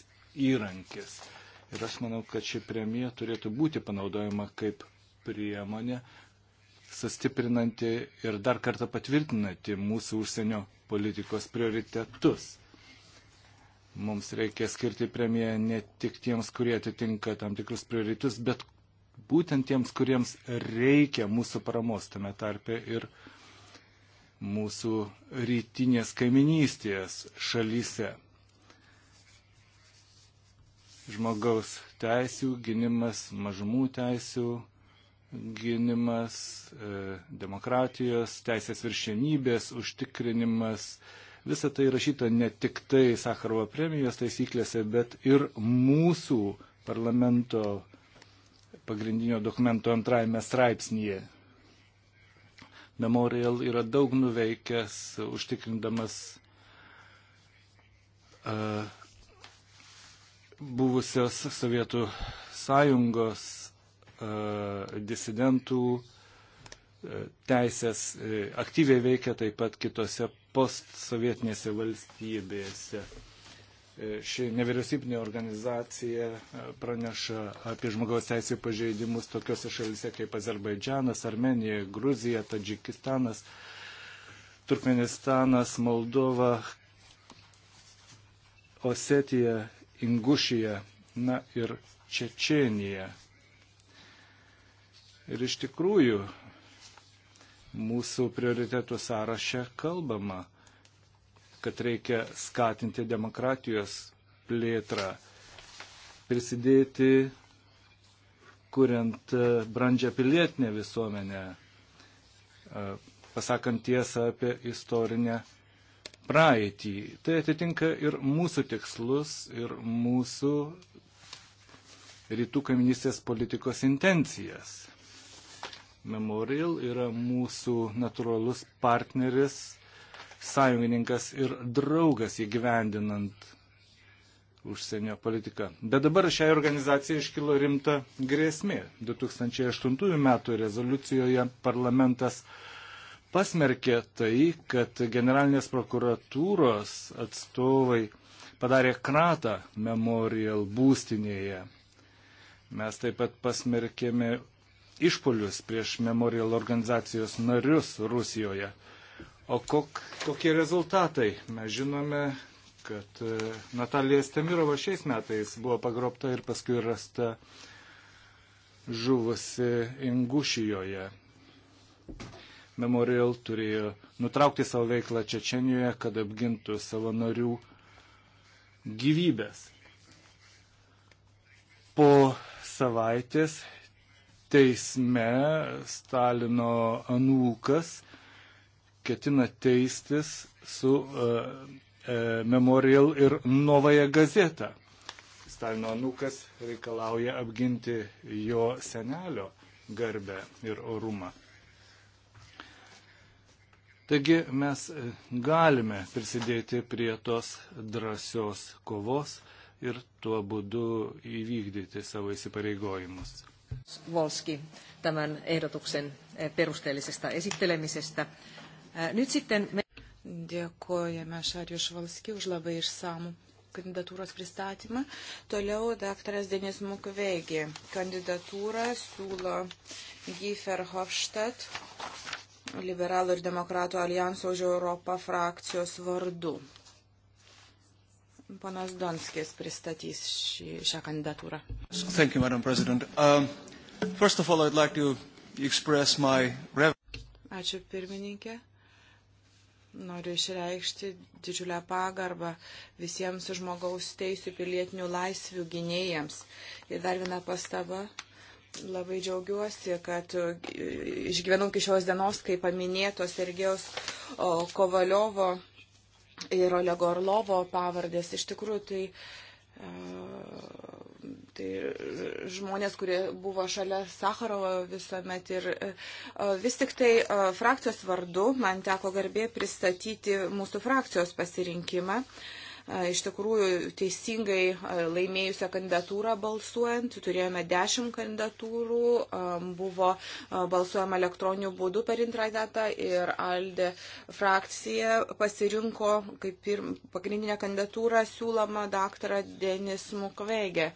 įrankis. Ir aš manau, kad ši premija turėtų būti panaudojama kaip priemonė, sustiprinanti ir dar kartą patvirtinanti mūsų užsienio politikos prioritetus. Mums reikia skirti premiją ne tik tiems, kurie atitinka tam tikrus prioritus, bet būtent tiems, kuriems reikia mūsų paramos, tame tarpe ir mūsų rytinės kaiminystės šalyse. Žmogaus teisų gynimas, mažumų teisų gynimas, e, demokratijos, teisės viršienybės užtikrinimas. Visa tai rašyta ne tik tai Sakarovo premijos taisyklėse, bet ir mūsų parlamento pagrindinio dokumento antrajame straipsnyje. Memorial yra daug nuveikęs, užtikrindamas uh, buvusios Sovietų sąjungos uh, disidentų uh, teisės, uh, aktyviai veikia taip pat kitose postsovietinėse valstybėse. Uh, E, ši nevyriausybinė organizacija e, praneša apie žmogaus teisų pažeidimus tokiuose šalise kaip Azerbaidžianas, Armenija, Gruzija, Tadžikistanas, Turkmenistanas, Moldova, Osetija, Ingušija, na ir Čečienija. Ir iš tikrųjų mūsų prioritetų sąraše kalbama kad reikia skatinti demokratijos plėtrą, prisidėti kuriant e, brandžią pilietinę visuomenę, e, pasakant tiesą apie istorinę praeitį. Tai atitinka ir mūsų tikslus, ir mūsų rytų kaiminystės politikos intencijas. Memorial yra mūsų natūralus partneris sąjungininkas ir draugas įgyvendinant užsienio politiką. Bet dabar šiai organizacijai iškilo rimta grėsmė. 2008 metų rezoliucijoje parlamentas pasmerkė tai, kad generalinės prokuratūros atstovai padarė kratą Memorial būstinėje. Mes taip pat pasmerkėme išpolius prieš Memorial organizacijos narius Rusijoje. O kok, kokie rezultatai? Mes žinome, kad e, Natalija Stemirova šiais metais buvo pagrobta ir paskui rasta žuvusi Ingušijoje. Memorial turėjo nutraukti savo veiklą Čečenijoje, kad apgintų savo narių gyvybės. Po savaitės teisme Stalino anūkas ketina teistis su e, e, Memorial ir Novaja Gazeta. Stalino nukas reikalauja apginti jo senelio garbę ir orumą. Taigi mes galime prisidėti prie tos drąsios kovos ir tuo būdu įvykdyti savo įsipareigojimus. Volski tämän ehdotuksen perusteellisesta esittelemisestä. E, nyt sitten me... Dėkojame Šariu Švalski už labai išsamų kandidatūros pristatymą. Toliau daktaras Denis Mukveigi. Kandidatūrą siūlo Giefer Hofstadt, liberalų ir demokratų alijanso už Europą frakcijos vardu. Panas Donskis pristatys šį, šią kandidatūrą. Thank you, Madam President. Um, first of all, I'd like to express my... Ačiū pirmininkė. Noriu išreikšti didžiulę pagarbą visiems žmogaus teisų pilietinių laisvių gynėjams. Ir dar viena pastaba. Labai džiaugiuosi, kad e, išgyvenau iki šios dienos, kai paminėto Sergejaus Kovaliovo ir Olego Orlovo pavardės. Iš tikrųjų, tai e, Tai e, žmonės, kurie buvo šalia Sakarovo visuomet ir e, e, vis tik tai frakcijos vardu man teko garbė pristatyti mūsų frakcijos pasirinkimą iš tikrųjų teisingai laimėjusią kandidatūrą balsuojant. Turėjome 10 kandidatūrų, buvo balsuojama elektroniniu būdu per intradatą ir Alde frakcija pasirinko kaip ir pagrindinę kandidatūrą siūlomą daktarą Denis Mukvegė.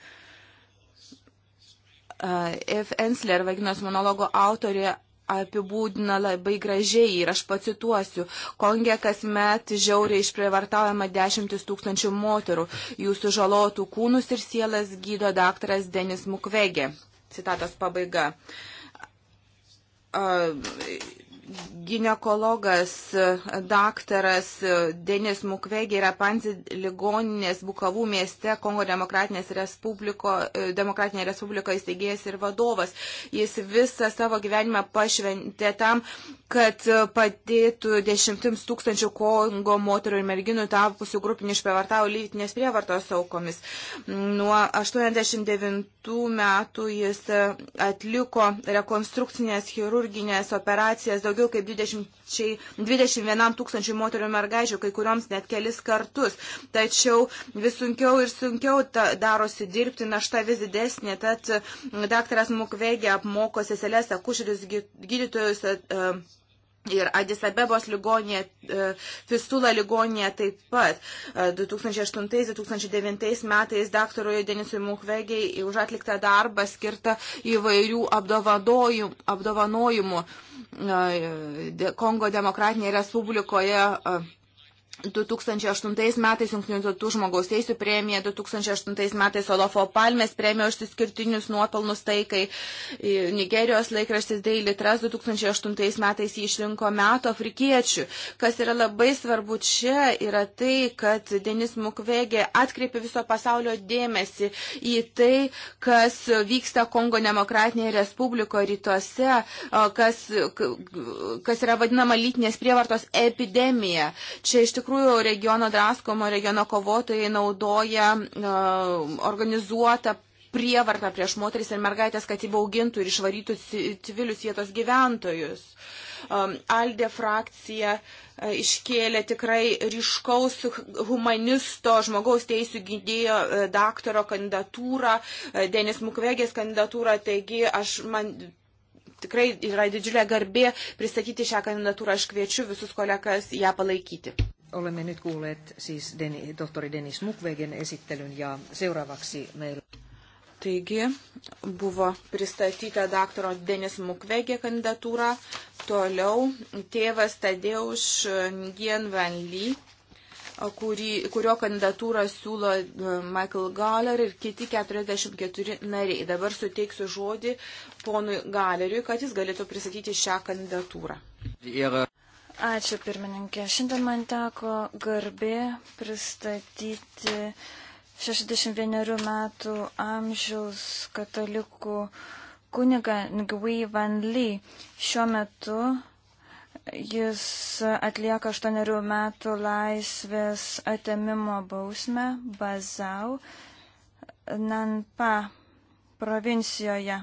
E, F. Ensler, vaginos monologo autorė, apibūdina labai gražiai ir aš pacituosiu, Kongė kasmet žiauriai išprievartaujama dešimtis tūkstančių moterų, jūsų žalotų kūnus ir sielas gydo daktaras Denis Mukvegė. Citatos pabaiga. Uh, gynekologas, daktaras Denis Mukwegi yra Panzi ligoninės Bukavų mieste Kongo Demokratinės Respubliko, Demokratinė Respublika įsteigėjas ir vadovas. Jis visą savo gyvenimą pašventė tam, kad padėtų dešimtims tūkstančių Kongo moterų ir merginų tapusių grupinių išprievartavo lytinės prievartos aukomis. Nuo 89 metų jis atliko rekonstrukcinės chirurginės operacijas daugiau kaip 20, 21 tūkstančių moterių mergaičių, kai kurioms net kelis kartus. Tačiau vis sunkiau ir sunkiau ta, darosi dirbti, našta vis didesnė. Tad daktaras Mukvegė apmoko seselės akušerius gydytojus. Uh, Ir Adis Abebos ligonė, e, Fistula ligonė taip pat. 2008-2009 metais daktarui Denisui Mukvegiai už atliktą darbą skirta įvairių apdovanojimų. E, Kongo demokratinėje respublikoje e, 2008 metais Junktinių tautų žmogaus teisų premija, 2008 metais Olofo Palmės premija už išskirtinius nuopelnus taikai, Nigerijos laikraštis Daily Trust 2008 metais jį išrinko metų afrikiečių. Kas yra labai svarbu čia yra tai, kad Denis Mukwege atkreipė viso pasaulio dėmesį į tai, kas vyksta Kongo demokratinėje Respublikoje rytuose, kas, kas yra vadinama lytinės prievartos epidemija. Čia iš tikrųjų tikrųjų regiono draskomo, regiono kovotojai naudoja e, organizuotą prievartą prieš moteris ir mergaitės, kad įbaugintų ir išvarytų civilius vietos gyventojus. E, Aldė frakcija e, iškėlė tikrai ryškaus humanisto, žmogaus teisų gydėjo daktaro kandidatūrą, Denis Mukvegės kandidatūrą, taigi aš man. Tikrai yra didžiulė garbė pristatyti šią kandidatūrą. Aš kviečiu visus kolegas ją palaikyti. Olemme nyt kuulleet siis Deni, tohtori Denis Mukwegen esittelyn ja seuraavaksi meillä... Taigi buvo pristatyta daktaro Denis Mukwege kandidatūra, toliau tėvas Tadeuš Gien Van Lee, kurį, kurio kandidatūrą siūlo e, Michael Galler ir kiti 44 nariai. Dabar suteiksiu žodį ponui Galleriui, kad jis galėtų pristatyti šią kandidatūrą. Yra. Ačiū pirmininkė. Šiandien man teko garbė pristatyti 61 metų amžiaus katalikų kuniga Ngui Van Lee. Šiuo metu jis atlieka 8 metų laisvės atėmimo bausmę Bazau Nanpa provincijoje.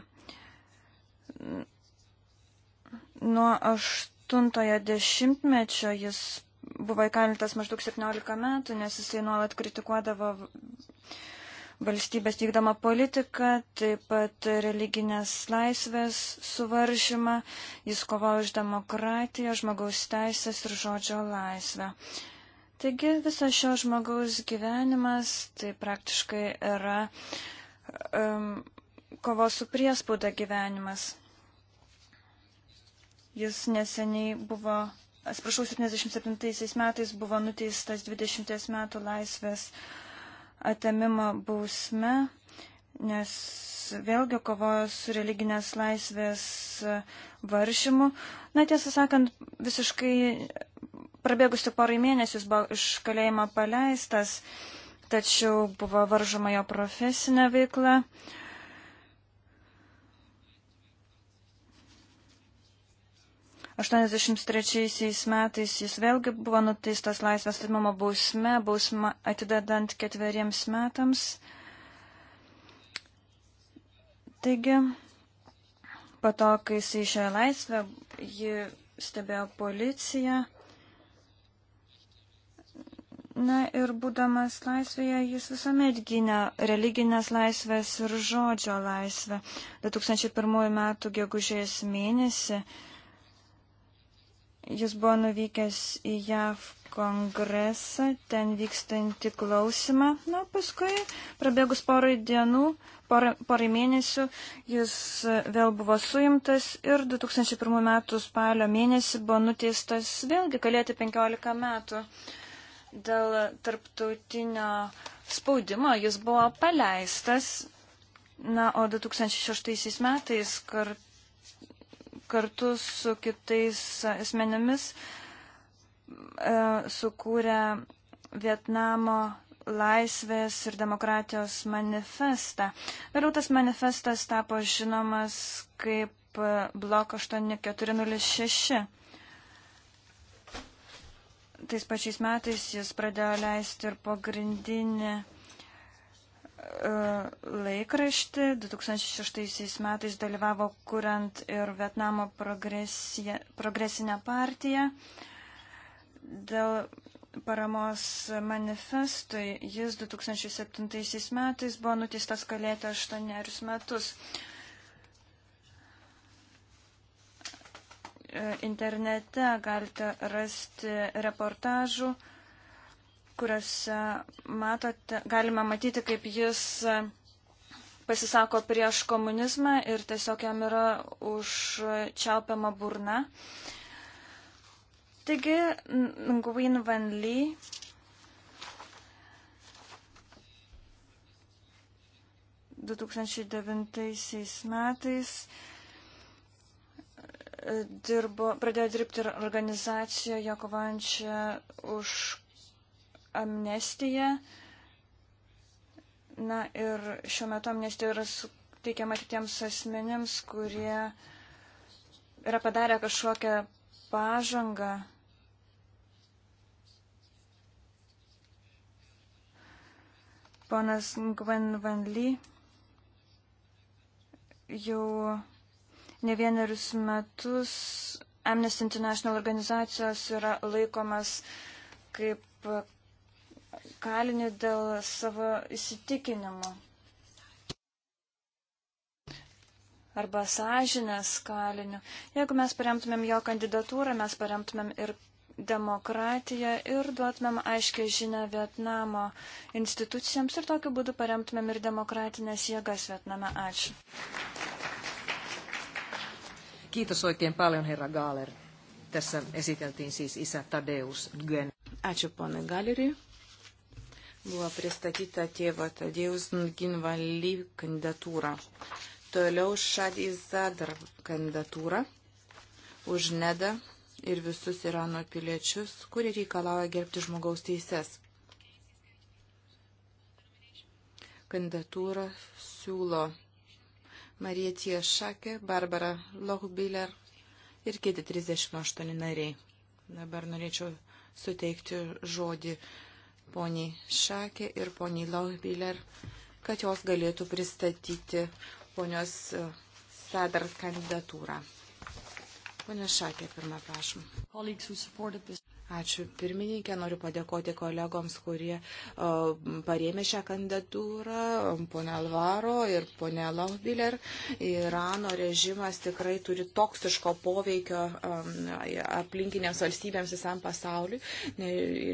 Nuo 8 aštuntojo dešimtmečio jis buvo įkalintas maždaug 17 metų, nes jisai nuolat kritikuodavo valstybės vykdomą politiką, taip pat religinės laisvės suvaržymą, jis kovojo už demokratiją, žmogaus teisės ir žodžio laisvę. Taigi visas šio žmogaus gyvenimas tai praktiškai yra um, kovos su priespauda gyvenimas. Jis neseniai buvo, atsiprašau, 77 metais buvo nuteistas 20 metų laisvės atemimo bausme, nes vėlgi kovojo su religinės laisvės e, varšymu. Na, tiesą sakant, visiškai prabėgus tik porai mėnesius buvo iš kalėjimo paleistas, tačiau buvo varžoma jo profesinė veikla. Uh, 83 metais jis vėlgi buvo nuteistas laisvės atimamo bausme, bausma atidedant ketveriems metams. Taigi, po to, kai jis išėjo laisvę, ji stebėjo policiją. Na ir būdamas laisvėje, jis visuomet gynė religinės laisvės ir žodžio laisvę. 2001 m. gegužės mėnesį Jis buvo nuvykęs į JAV kongresą, ten vykstantį klausimą. Na, paskui, prabėgus porai dienų, porai, porai mėnesių, jis vėl buvo suimtas ir 2001 m. spalio mėnesį buvo nuteistas vėlgi kalėti 15 metų. Dėl tarptautinio spaudimo jis buvo paleistas. Na, o 2006 metais kartu kartu su kitais asmenėmis e, sukūrė Vietnamo laisvės ir demokratijos manifestą. Vėliau tas manifestas tapo žinomas kaip blok 8406. Tais pačiais metais jis pradėjo leisti ir pagrindinį E, laikraštį. 2006 metais dalyvavo kuriant ir Vietnamo progresinę partiją. Dėl paramos manifestui jis 2007 metais buvo nutistas kalėti aštuonerius metus. E, internete galite rasti reportažų kuriuose matote, galima matyti, kaip jis pasisako prieš komunizmą ir tiesiog jam yra užčiaupiama burna. Taigi, Nguyen Van Lee metais e, dirbo, pradėjo dirbti organizacijoje kovojančią už amnestija. Na ir šiuo metu amnestija yra suteikiama kitiems asmenėms, kurie yra padarę kažkokią pažangą. Ponas Gwen Van Lee jau ne vienerius metus Amnesty International organizacijos yra laikomas kaip kalinį dėl savo įsitikinimų arba sąžinės kalinių. Jeigu mes paremtumėm jo kandidatūrą, mes paremtumėm ir demokratiją ir duotumėm aiškę žinę Vietnamo institucijams ir tokiu būdu paremtumėm ir demokratinės jėgas Vietname. Ačiū. Kiitos oikein paljon, herra Gaaler. Tässä esiteltiin siis isä Tadeus Gwen. Ačiū, ponai Galeri buvo pristatyta tėvo Tadėjus Nginvaly kandidatūra. Toliau Šadį Zadar kandidatūra už Nedą ir visus Irano piliečius, kurie reikalauja gerbti žmogaus teises. Kandidatūrą siūlo Marija Tiešakė, Barbara Lochbiller ir kiti 38 nariai. Dabar norėčiau suteikti žodį poniai Šakė ir poniai Laubiler, kad jos galėtų pristatyti ponios e, Sadars kandidatūrą. Pone Šakė, pirmą prašom. Ačiū pirmininkė, noriu padėkoti kolegoms, kurie o, parėmė šią kandidatūrą, ponė Alvaro ir ponė Laubiler. Irano režimas tikrai turi toksiško poveikio o, um, aplinkinėms valstybėms visam pasauliu. Ne,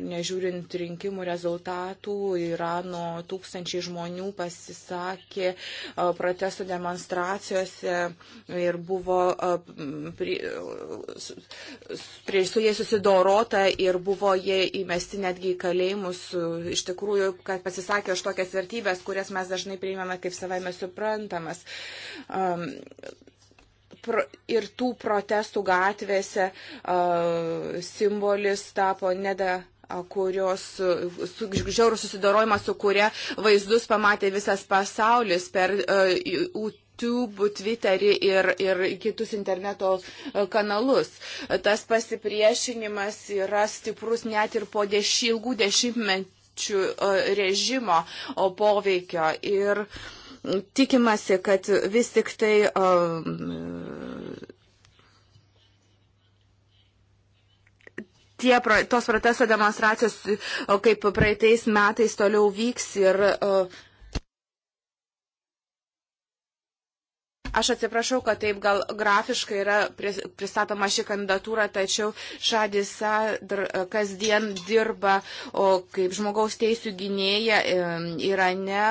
nežiūrint rinkimų rezultatų, Irano tūkstančiai žmonių pasisakė o, protestų demonstracijose ir buvo o, prie, su, prie, su jais susidorota Rusijoje ir buvo jie įmesti netgi į kalėjimus, iš tikrųjų, kad pasisakė už tokias vertybės, kurias mes dažnai priimame kaip savaime suprantamas. Um, pro, ir tų protestų gatvėse uh, simbolis tapo neda kurios su, žiaurų susidarojimą, su kuria vaizdus pamatė visas pasaulis per uh, YouTube, Twitterį ir, ir kitus interneto e, kanalus. Tas pasipriešinimas yra stiprus net ir po deš, ilgų dešimtmečių e, režimo poveikio. Ir tikimasi, kad vis tik tai. Um, tie, tos protesto demonstracijos, kaip praeitais metais, toliau vyks ir uh, Aš atsiprašau, kad taip gal grafiškai yra pristatoma ši kandidatūra, tačiau Šadisa kasdien dirba o, kaip žmogaus teisų gynėja Irane,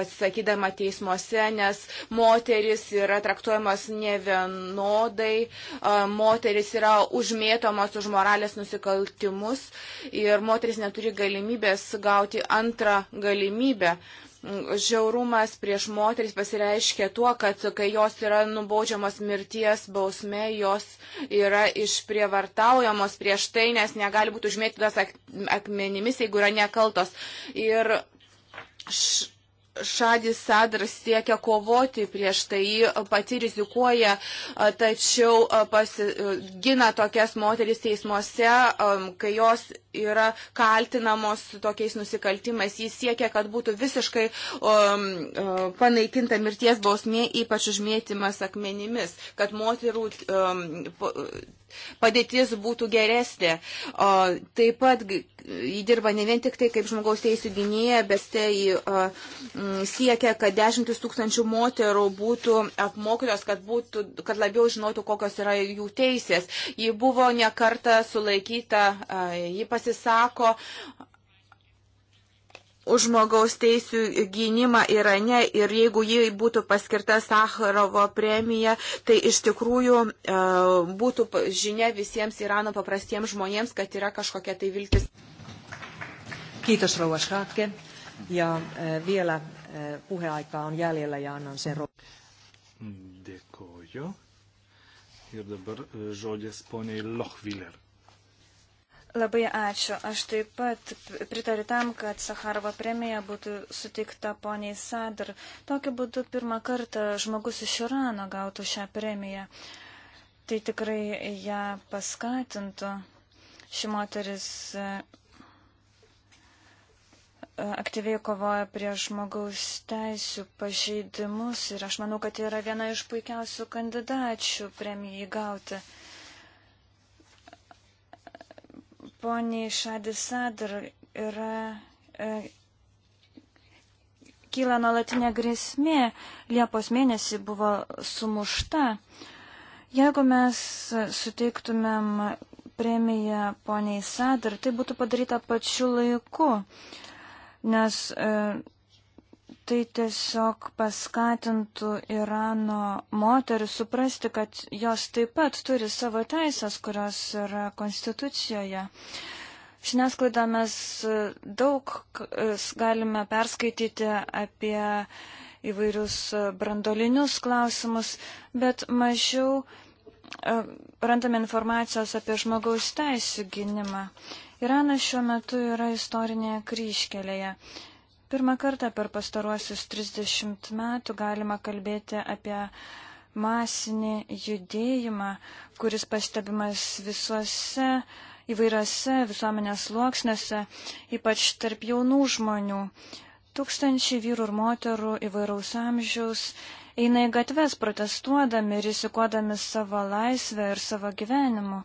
pasisakydama teismuose, nes moteris yra traktuojamas nevienodai, moteris yra užmėtomos už moralės nusikaltimus ir moteris neturi galimybės gauti antrą galimybę žiaurumas prieš moteris pasireiškia tuo, kad kai jos yra nubaudžiamos mirties bausme, jos yra išprievartaujamos prieš tai, nes negali būti užmėtytos ak akmenimis, jeigu yra nekaltos. Ir š šalis sadras siekia kovoti prieš tai, pati rizikuoja, tačiau pasigina tokias moteris teismuose, kai jos yra kaltinamos tokiais nusikaltimais. Jis siekia, kad būtų visiškai um, panaikinta mirties bausmė, ypač užmėtymas akmenimis, kad moterų um, padėtis būtų geresnė. O, taip pat jį dirba ne vien tik tai kaip žmogaus teisų gynėja, bet tai o, m, siekia, kad dešimtis tūkstančių moterų būtų apmokytos, kad, būtų, kad labiau žinotų, kokios yra jų teisės. Ji buvo nekarta sulaikyta, a, ji pasisako už žmogaus teisų gynimą Irane ir jeigu jį būtų paskirta Sakharovo premija, tai iš tikrųjų e, būtų žinia visiems Irano paprastiems žmonėms, kad yra kažkokia tai viltis. Kiitos rouva Schratke. Ja e, vielä e, puheaikaa on jäljellä ja annan sen Dėkoju. Ir dabar žodis poniai Lochviller. Labai ačiū. Aš taip pat pritariu tam, kad Saharovo premija būtų suteikta poniai Sadr. Tokiu būdu pirmą kartą žmogus iš Irano gautų šią premiją. Tai tikrai ją paskatintų. Ši moteris e, e, aktyviai kovoja prieš žmogaus teisų pažeidimus ir aš manau, kad tai yra viena iš puikiausių kandidačių premijai gauti. poniai Šadisadr yra e, kyla nuolatinė grėsmė. Liepos mėnesį buvo sumušta. Jeigu mes suteiktumėm premiją poniai Sadr, tai būtų padaryta pačiu laiku, nes e, tai tiesiog paskatintų Irano moterį suprasti, kad jos taip pat turi savo teisės, kurios yra konstitucijoje. Žiniasklaidą mes daug galime perskaityti apie įvairius brandolinius klausimus, bet mažiau e, randame informacijos apie žmogaus teisų gynimą. Iranas šiuo metu yra istorinėje kryškelėje. Pirmą kartą per pastaruosius 30 metų galima kalbėti apie masinį judėjimą, kuris pastebimas visuose įvairiose visuomenės sluoksniuose, ypač tarp jaunų žmonių. Tūkstančiai vyrų ir moterų įvairaus amžiaus eina į gatves protestuodami, rizikuodami savo laisvę ir savo gyvenimu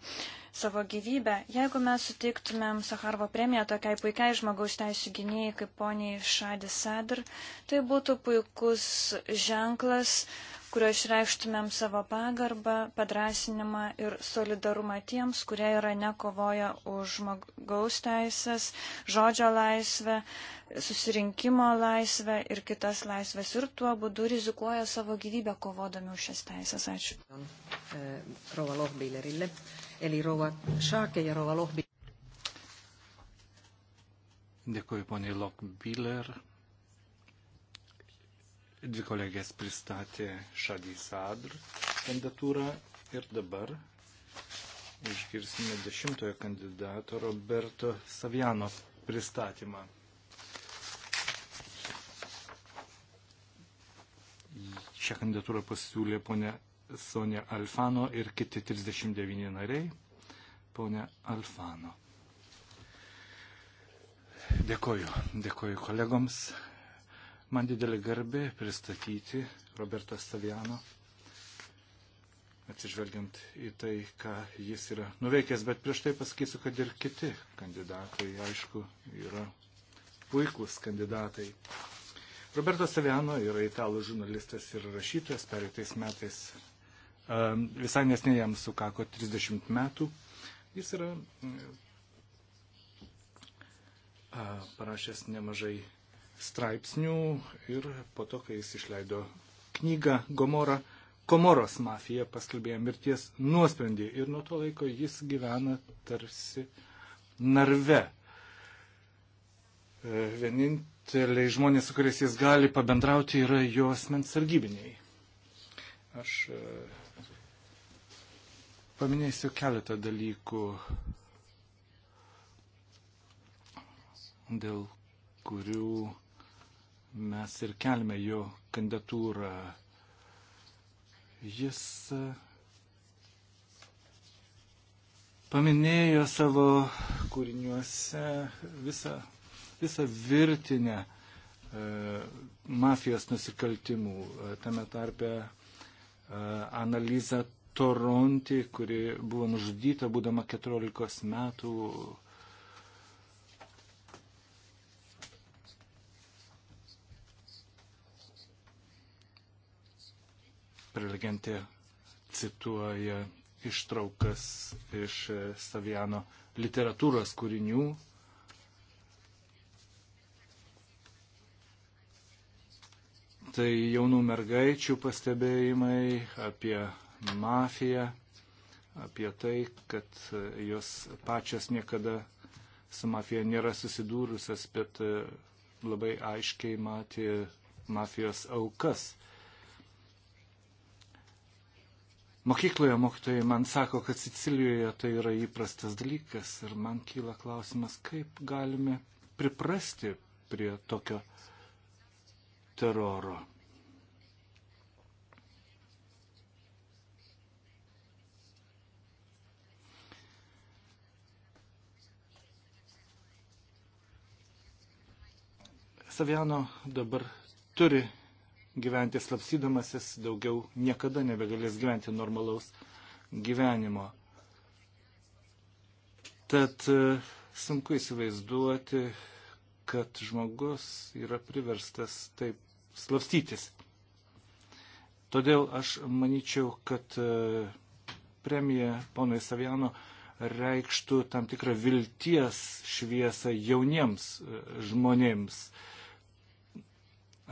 savo gyvybę. Jeigu mes suteiktumėm Sakarvo premiją tokiai puikiai žmogaus teisų gynėjai kaip poniai Šadi Sadr, tai būtų puikus ženklas, kuriuo išreikštumėm savo pagarbą, padrasinimą ir solidarumą tiems, kurie yra nekovoja už žmogaus teisės, žodžio laisvę, susirinkimo laisvę ir kitas laisvės ir tuo būdu rizikuoja savo gyvybę kovodami už šias teisės. Ačiū. Prova Lohbeilerille eli Rova Šakė ja Rova Lohbi. Dėkuoju poniai Lokbiler. Dvi kolegės pristatė Šadį Sadr kandidatūrą ir dabar išgirsime dešimtojo kandidato Roberto Saviano pristatymą. Šią kandidatūrą pasiūlė ponia Sonia Alfano ir kiti 39 nariai. Pone Alfano. Dėkoju, dėkoju kolegoms. Man didelė garbė pristatyti Robertą Staviano, atsižvelgiant į tai, ką jis yra nuveikęs, bet prieš tai pasakysiu, kad ir kiti kandidatai, aišku, yra puikūs kandidatai. Robertas Saviano yra italų žurnalistas ir rašytojas, pereitais metais Ehm, visai nesnei jam sukako 30 metų. Jis yra ehm, parašęs nemažai straipsnių ir po to, kai jis išleido knygą Gomorą, Komoros mafija paskelbėjo mirties nuosprendį ir nuo to laiko jis gyvena tarsi narve. Ehm, vieninteliai žmonės, su kuriais jis gali pabendrauti, yra jo asmens sargybiniai. Aš e, paminėsiu keletą dalykų, dėl kurių mes ir kelme jo kandidatūrą. Jis e, paminėjo savo kūriniuose visą, visą virtinę e, mafijos nusikaltimų, e, tame tarpe E, Analiza Toronti, kuri buvo nužudyta būdama 14 metų. Prelegentė cituoja ištraukas iš Saviano literatūros kūrinių tai jaunų mergaičių pastebėjimai apie mafiją, apie tai, kad jos pačias niekada su mafija nėra susidūrusios, bet e, labai aiškiai matė mafijos aukas. Mokykloje mokytojai man sako, kad Sicilijoje tai yra įprastas dalykas ir man kyla klausimas, kaip galime priprasti prie tokio uh, teroro. Saviano dabar turi gyventi slapsydamasis, daugiau niekada nebegalės gyventi normalaus gyvenimo. Tad e, sunku įsivaizduoti, kad žmogus yra priverstas taip slapstytis. Todėl aš manyčiau, kad e, premija ponui Saviano reikštų tam tikrą vilties šviesą jauniems e, žmonėms.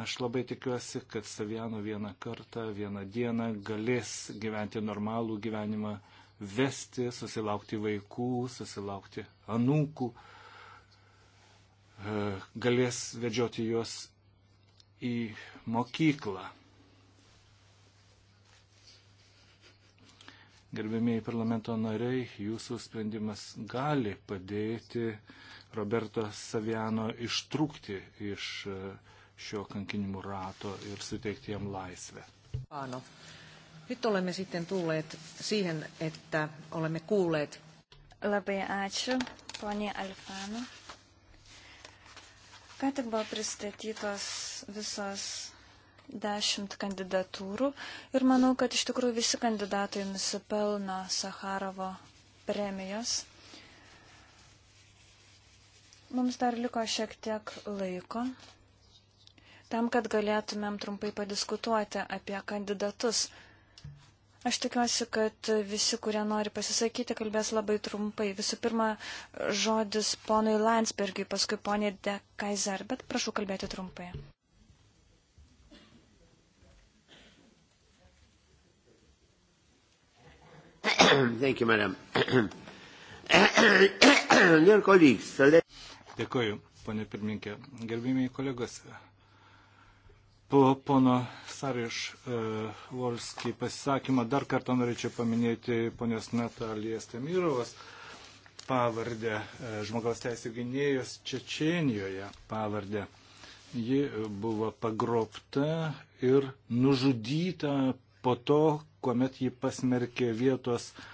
Aš labai tikiuosi, kad Saviano vieną kartą, vieną dieną galės gyventi normalų gyvenimą, vesti, susilaukti vaikų, susilaukti anūkų, e, galės vedžioti juos į mokyklą. Gerbėmiai parlamento nariai, jūsų sprendimas gali padėti Roberto Saviano ištrūkti iš e, šio kankinimų rato ir suteikti jam laisvę. Ano. Nyt olemme sitten tulleet siihen, että olemme kuulleet. Labai ačiū, ponė Alfano. Ką tik buvo pristatytos visos dešimt kandidatūrų ir manau, kad iš tikrųjų visi kandidatai nusipelno Sakarovo premijos. Mums dar liko šiek tiek laiko tam, kad galėtumėm trumpai padiskutuoti apie kandidatus. Aš tikiuosi, kad visi, kurie nori pasisakyti, kalbės labai trumpai. Visų pirma, žodis ponui Landsbergiai, paskui poniai De Kaiser, bet prašau kalbėti trumpai. Thank you, madam. Dėkoju, ponė pirminkė. Gerbimiai kolegos, po pono Sariš e, Volski pasisakymą dar kartą norėčiau paminėti ponios Natalijas Temirovas pavardę, e, žmogaus teisų gynėjos Čečienijoje pavardę. Ji buvo pagrobta ir nužudyta po to, kuomet ji pasmerkė vietos uh,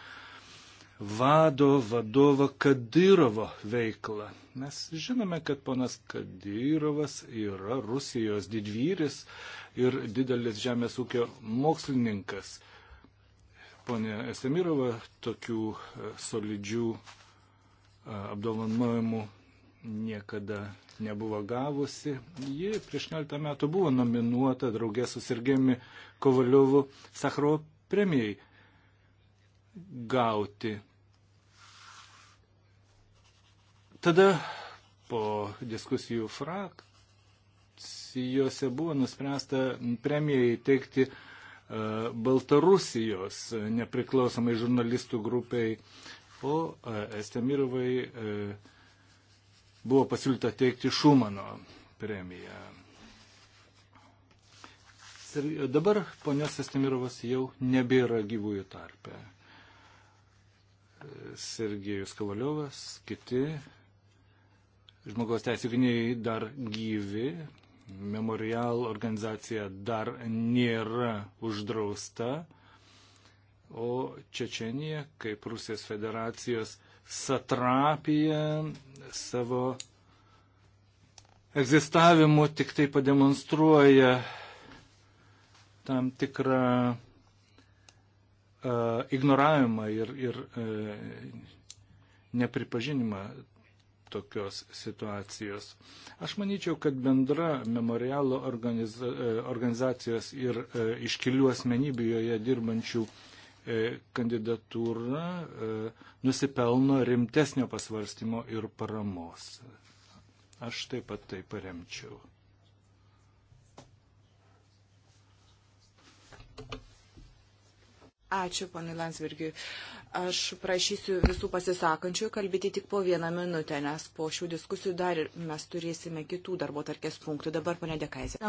vado vadovo Kadyrovo veiklą. Mes žinome, kad ponas Kadyrovas yra Rusijos didvyris ir didelis žemės ūkio mokslininkas. Pone Esemirova tokių e, solidžių e, apdovanojimų niekada nebuvo gavusi. Ji prieš keletą metų buvo nominuota draugė su Sergejumi Kovaliovu Sakro premijai gauti. Tada po diskusijų frakcijose buvo nuspręsta premiją įteikti e, Baltarusijos nepriklausomai žurnalistų grupiai, o e, Estemirovai e, buvo pasiūlyta teikti Šumano premiją. Ir dabar ponios Estemirovas jau nebėra gyvųjų tarpe. Sergejus Kovaliovas, kiti žmogaus teisų gynėjai dar gyvi, memorial organizacija dar nėra uždrausta, o Čečenija, kaip Rusijos federacijos satrapija, savo egzistavimu tik tai pademonstruoja tam tikrą uh, ignoravimą ir, ir uh, nepripažinimą tokios situacijos. Aš manyčiau, kad bendra memorialo organiza, e, organizacijos ir e, iškilių asmenybių joje dirbančių e, kandidatūra nusipelno rimtesnio pasvarstymo ir paramos. Aš taip pat tai paremčiau. Ačiū, ponai Landsbergiui. Aš prašysiu visų pasisakančių kalbėti tik po vieną minutę, nes po šių diskusijų dar mes turėsime kitų darbo tarkės punktų. Dabar, ponė Dekaizė.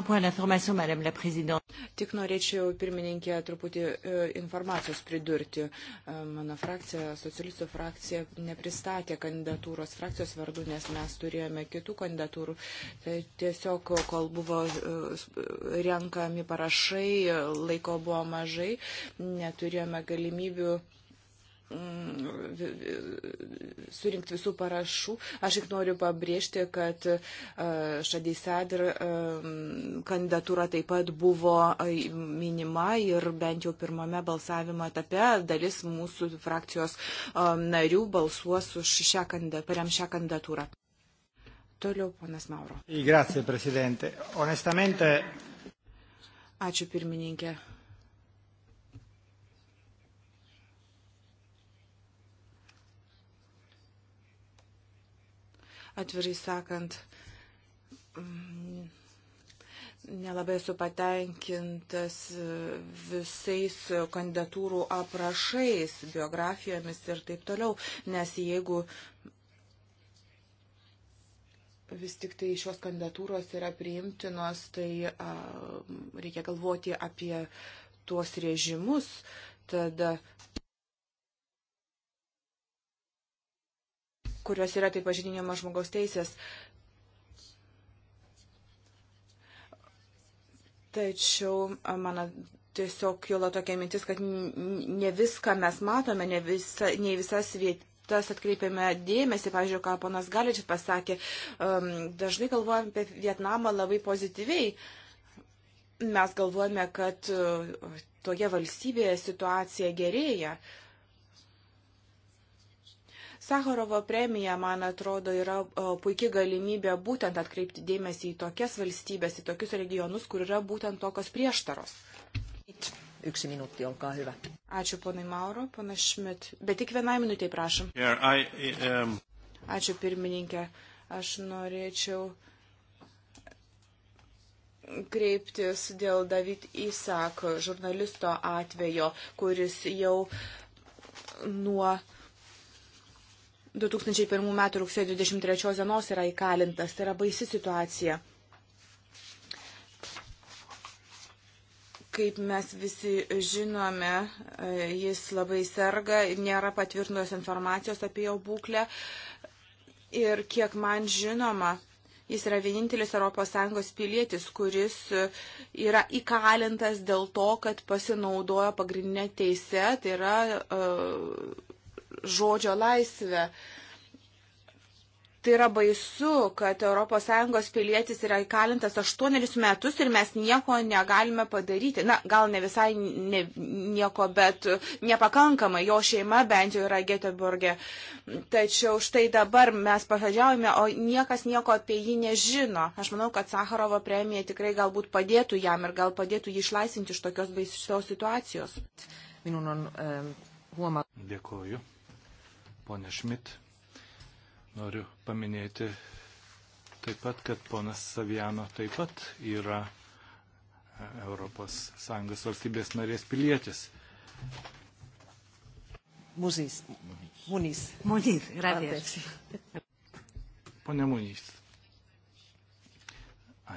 Tik norėčiau, pirmininkė, truputį e, informacijos pridurti. E, mano frakcija, socialistų frakcija, nepristatė kandidatūros frakcijos vardu, nes mes turėjome kitų kandidatūrų. Tai tiesiog, kol buvo e, renkami parašai, laiko buvo mažai. Neturi turėjome galimybių mm, surinkti visų parašų. Aš tik noriu pabrėžti, kad e, Šadisadr e, kandidatūra taip pat buvo e, minima ir bent jau pirmame balsavimo etape dalis mūsų frakcijos narių balsuos už šią kandidatūrą, parem šią kandidatūrą. Toliau, ponas Mauro. Grazie, prezidente. Onestamente. Ačiū, pirmininkė. atvirai sakant, mm, nelabai esu patenkintas visais kandidatūrų aprašais, biografijomis ir taip toliau, nes jeigu vis tik tai šios kandidatūros yra priimtinos, tai a, reikia galvoti apie tuos režimus, tada kurios yra taip pažydinimo žmogaus teisės. Tačiau mano tiesiog kilo tokia mintis, kad ne viską mes matome, ne, visa, ne visas vietas atkreipiame dėmesį. Pavyzdžiui, ką ponas Galičius pasakė, um, dažnai galvojame apie Vietnamą labai pozityviai. Mes galvojame, kad uh, toje valstybėje situacija gerėja. Uh, Sakarovo premija, man atrodo, yra puikia galimybė būtent atkreipti dėmesį į tokias valstybės, į tokius regionus, kur yra būtent tokios prieštaros. Yksi minuutti, olkaa hyvä. Ačiū ponai Mauro, pana Šmit. Bet tik vienai minutiai prašom. Yeah, I, um... Ačiū pirmininkė. Aš norėčiau kreiptis dėl David Isak, žurnalisto atvejo, kuris jau nuo 2001 m. rugsėjo 23 dienos yra įkalintas. Tai yra baisi situacija. Kaip mes visi žinome, jis labai serga, nėra patvirtintos informacijos apie jo būklę. Ir kiek man žinoma, Jis yra vienintelis ES pilietis, kuris yra įkalintas dėl to, kad pasinaudojo pagrindinę teisę, tai yra uh, žodžio laisvę. Tai yra baisu, kad ES pilietis yra įkalintas aštuonerius metus ir mes nieko negalime padaryti. Na, gal ne visai ne, nieko, bet nepakankamai. Jo šeima bent jau yra Geteborgė. Tačiau štai dabar mes pažadžiaujame, o niekas nieko apie jį nežino. Aš manau, kad Sakarovo premija tikrai galbūt padėtų jam ir gal padėtų jį išlaisinti iš tokios baisios situacijos. Dėkuoju ponė Šmit. Noriu paminėti taip pat, kad ponas Saviano taip pat yra ES valstybės narės pilietis. Muzis. Munys. Munys. Gracias. Pone Munys.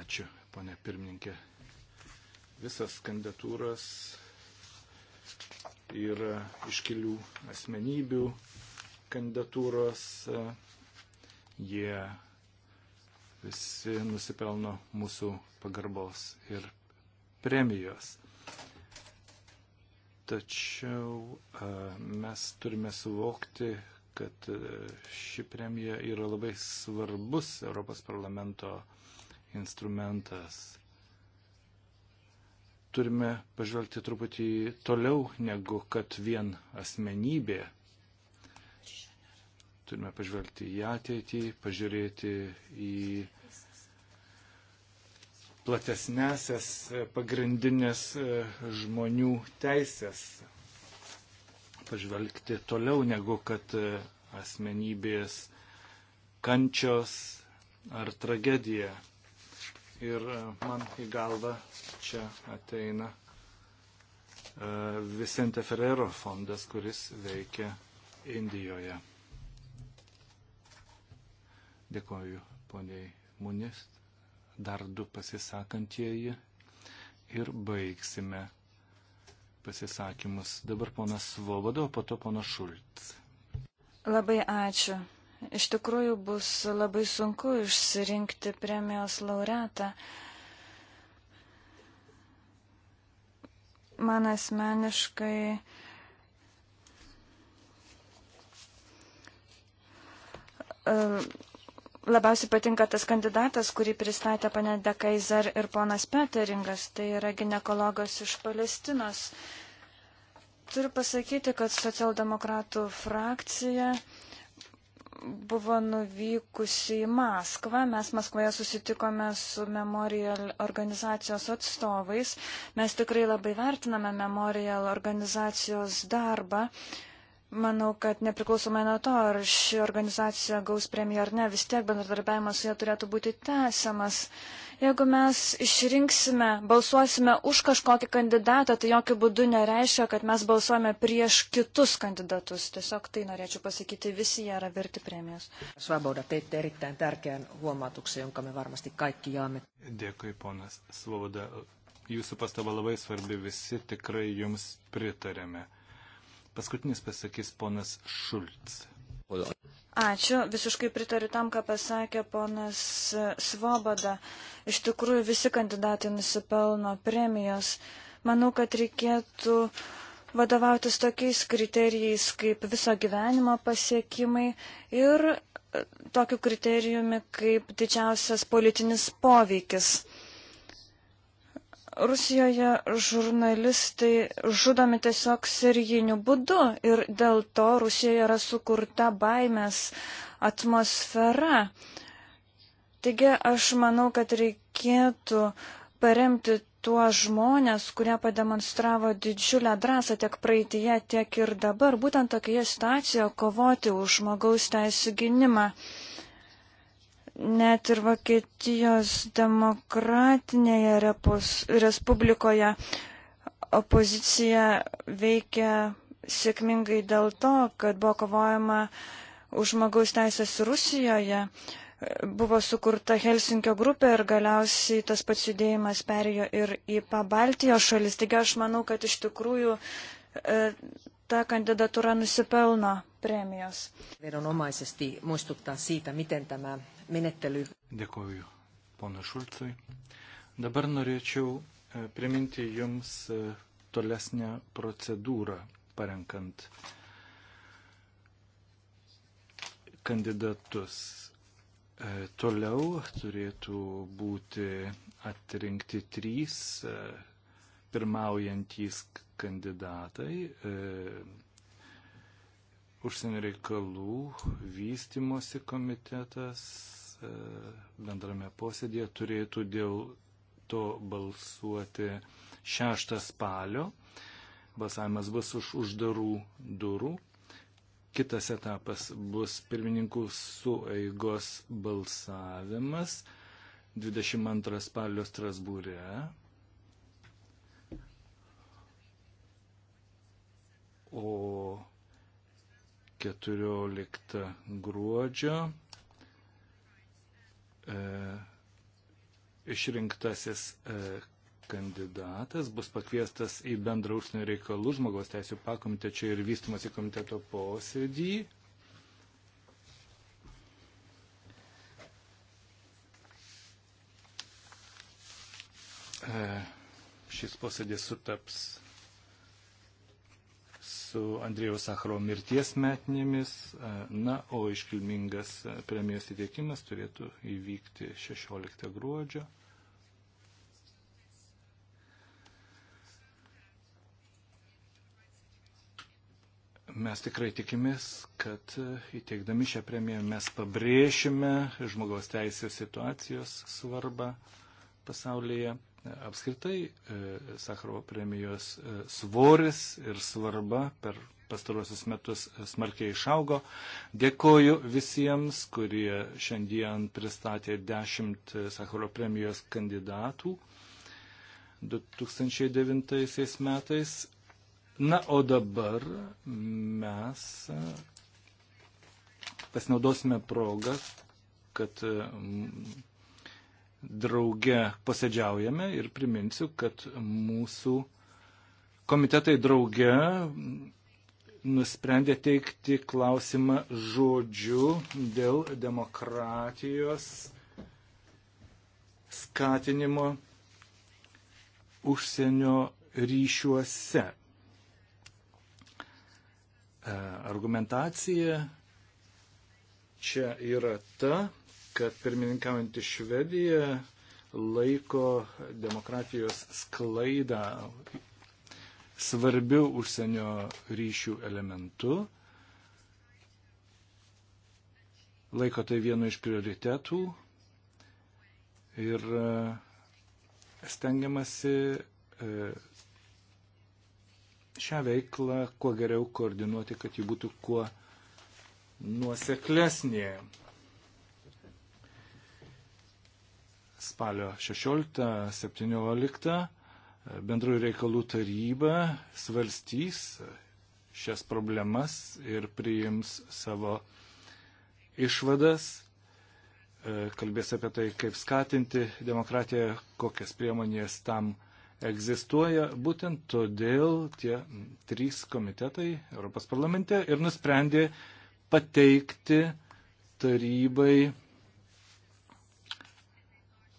Ačiū, pone pirmininkė. Visas kandidatūras yra iškilių asmenybių, kandidatūros. E, jie visi nusipelno mūsų pagarbos ir premijos. Tačiau e, mes turime suvokti, kad e, ši premija yra labai svarbus Europos parlamento instrumentas turime pažvelgti truputį toliau negu kad vien asmenybė Turime pažvelgti į ateitį, pažiūrėti į platesnėsias e, pagrindinės e, žmonių teisės, pažvelgti toliau negu kad e, asmenybės kančios ar tragedija. Ir man į galvą čia ateina Vicente Ferrero fondas, kuris veikia Indijoje. Dėkoju poniai Munis, dar du pasisakantieji ir baigsime pasisakymus. Dabar ponas Svobodo, po to ponas Šulc. Labai ačiū. Iš tikrųjų bus labai sunku išsirinkti premijos laureatą. Man asmeniškai uh, labiausiai patinka tas kandidatas, kurį pristatė pane De Kaiser ir ponas Peteringas, tai yra ginekologas iš Palestinos. Turiu pasakyti, kad socialdemokratų frakcija buvo nuvykusi į Maskvą. Mes Maskvoje susitikome su Memorial organizacijos atstovais. Mes tikrai labai vertiname Memorial organizacijos darbą. Uh, Manau, kad nepriklausomai nuo to, ar ši organizacija gaus premiją ar ne, vis tiek bendradarbiavimas su ja turėtų būti tęsiamas. Jeigu mes išrinksime, balsuosime už kažkokį kandidatą, tai jokių būdų nereiškia, kad mes balsuojame prieš kitus kandidatus. Tiesiog tai norėčiau pasakyti, visi jie yra verti premijos. Svoboda, teitte erittäin tärkeän huomautuksen, jonka me varmasti kaikki jaamme. Dėkui, ponas Svoboda. Jūsų pastaba labai svarbi, visi tikrai jums pritarėme. Paskutinis pasakys ponas Šulc. Ačiū, visiškai pritariu tam, ką pasakė ponas Svoboda. Iš tikrųjų, visi kandidatai nusipelno premijos. Manau, kad reikėtų vadovautis tokiais kriterijais kaip viso gyvenimo pasiekimai ir tokiu kriterijumi kaip didžiausias politinis poveikis. Rusijoje žurnalistai žudomi tiesiog sirijiniu būdu ir dėl to Rusijoje yra sukurta baimės atmosfera. Taigi aš manau, kad reikėtų paremti tuos žmonės, kurie pademonstravo didžiulę drąsą tiek praeitie, tiek ir dabar, būtent tokioje situacijoje kovoti už žmogaus teisų gynimą net ir Vokietijos demokratinėje repos, Respublikoje opozicija veikia sėkmingai dėl to, kad buvo kovojama už žmogaus teisės Rusijoje, buvo sukurta Helsinkio grupė ir galiausiai tas pats judėjimas perėjo ir į Pabaltijos šalis. Taigi aš manau, kad iš tikrųjų e, ta kandidatūra nusipelno premijos. Veronomaisesti muistuttaa siitä, miten tämä menettely. Dėkoju ponui Šulcui. Dabar norėčiau e, priminti Jums e, tolesnę procedūrą parenkant kandidatus. E, toliau turėtų būti atrinkti trys pirmaujantys kandidatai užsienio reikalų vystimosi komitetas e, bendrame posėdėje turėtų dėl to balsuoti 6 spalio. Balsavimas bus už uždarų durų. Kitas etapas bus pirmininkų sueigos balsavimas 22 spalio Strasbūre. O 14 gruodžio. E, išrinktasis e, kandidatas bus pakviestas į bendrą užsienio reikalų žmogaus teisų pakomitečio ir vystimosi komiteto posėdį. E, šis posėdis sutaps su Andrėjaus Sakaro mirties metinėmis, e, na, o iškilmingas e, premijos įteikimas turėtų įvykti 16 gruodžio. mes tikrai tikimės, kad e, įteikdami šią premiją mes pabrėšime žmogaus teisės situacijos svarbą pasaulyje. Apskritai e, Sakarovo premijos e, svoris ir svarba per pastarosius metus smarkiai išaugo. Dėkoju visiems, kurie šiandien pristatė 10 Sakaro premijos kandidatų 2009 metais. Na, o dabar mes pasinaudosime progą, kad drauge posėdžiaujame ir priminsiu, kad mūsų komitetai drauge nusprendė teikti klausimą žodžiu dėl demokratijos skatinimo užsienio ryšiuose. Argumentacija čia yra ta, kad pirmininkaujantį Švediją laiko demokratijos sklaidą svarbiu užsienio ryšių elementu. Laiko tai vienu iš prioritetų ir e, stengiamasi e, šią veiklą kuo geriau koordinuoti, kad ji būtų kuo nuoseklesnė. spalio 16-17 bendrųjų reikalų taryba svarstys šias problemas ir priims savo išvadas, e, kalbės apie tai, kaip skatinti demokratiją, kokias priemonės tam egzistuoja. Būtent todėl tie trys komitetai Europos parlamente ir nusprendė pateikti tarybai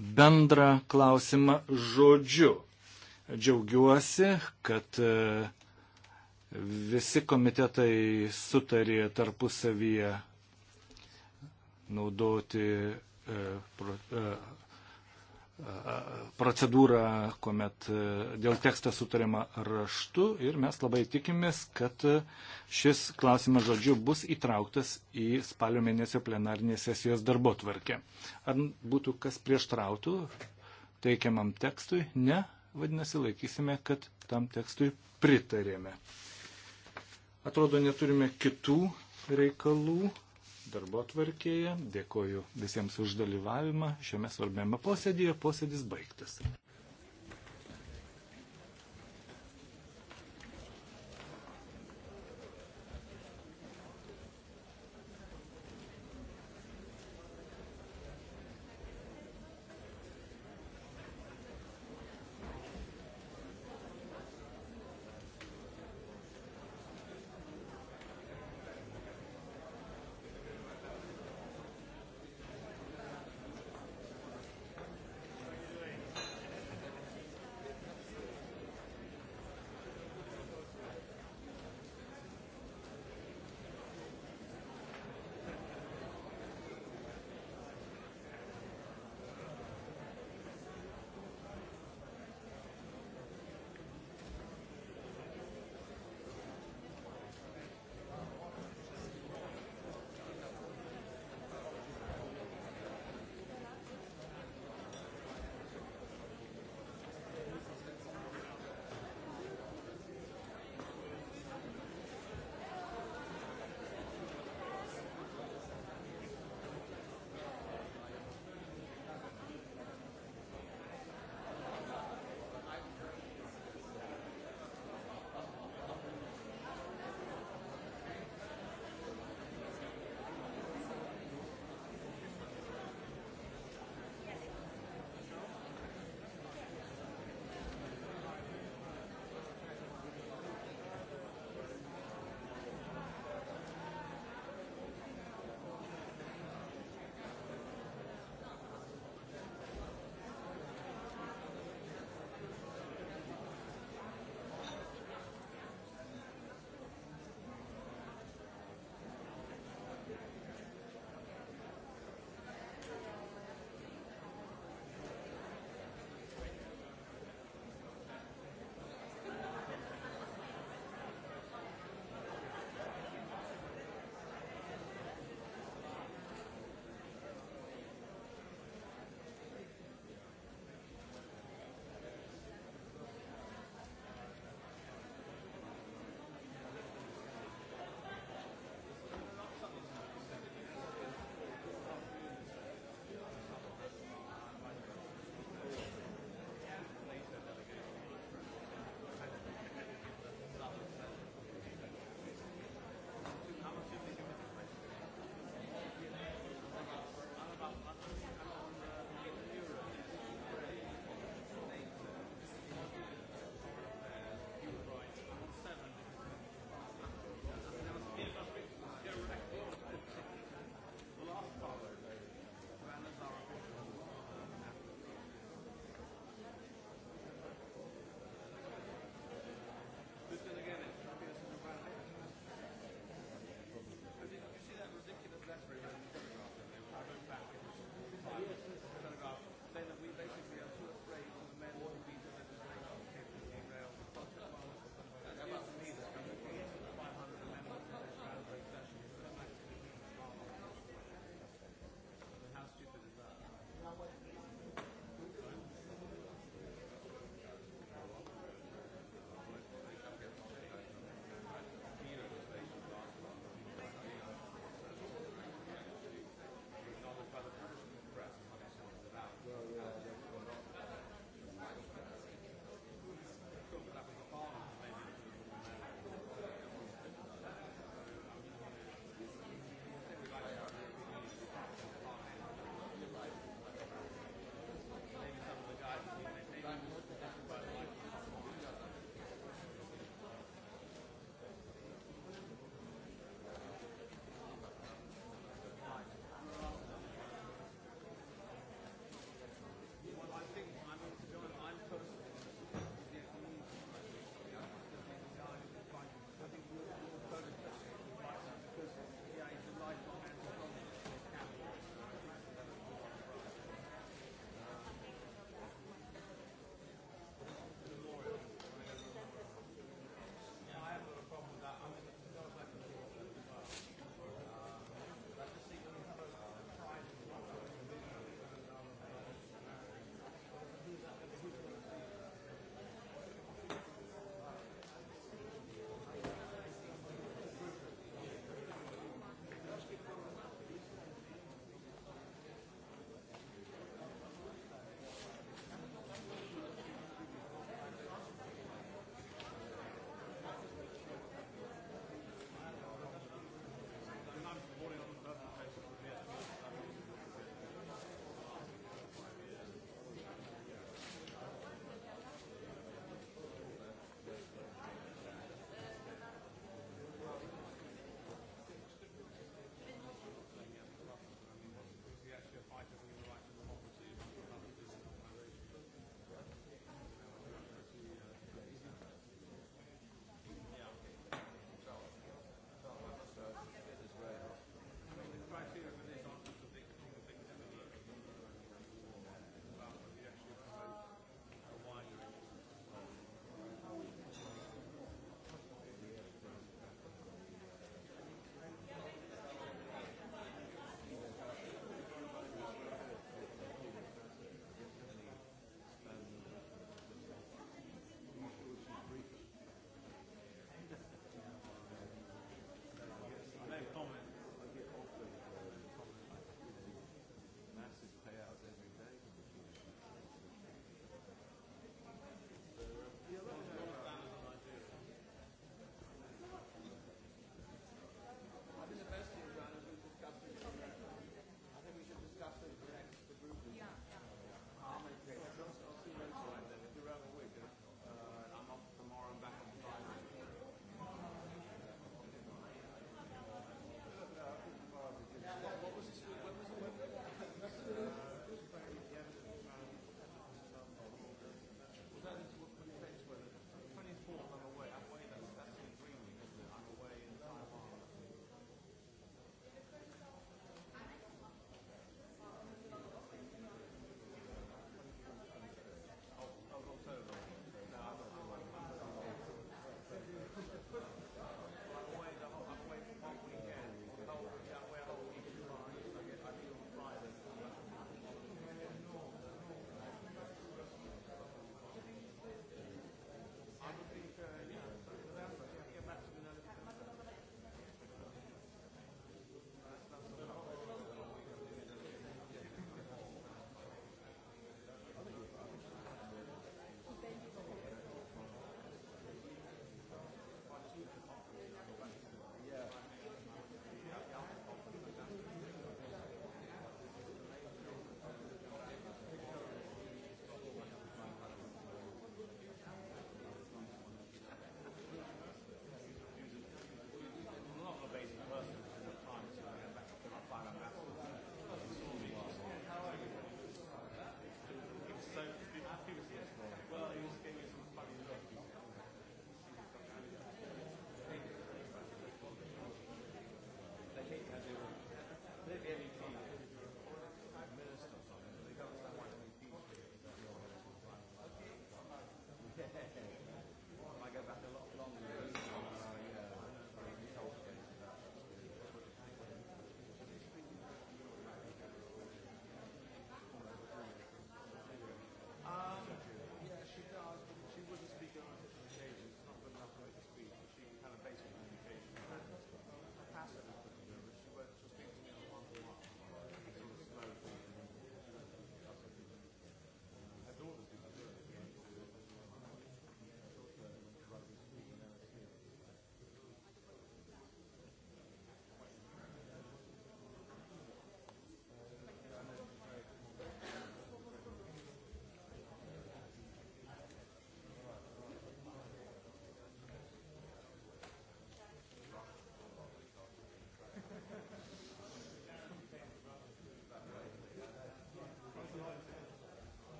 bendrą klausimą žodžiu. Džiaugiuosi, kad e, visi komitetai sutarė tarpusavyje naudoti e, e, procedūrą, kuomet e, dėl teksto sutariama raštu ir mes labai tikimės, kad e, šis klausimas žodžiu bus įtrauktas į spalio mėnesio plenarinės sesijos darbo tvarkę. Ar būtų kas prieštrautų teikiamam tekstui? Ne, vadinasi, laikysime, kad tam tekstui pritarėme. Atrodo, neturime kitų reikalų darbo tvarkėje. Dėkoju visiems už dalyvavimą šiame svarbiame posėdėje. Posėdis baigtas.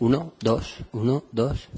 Uno, dos, uno, dos.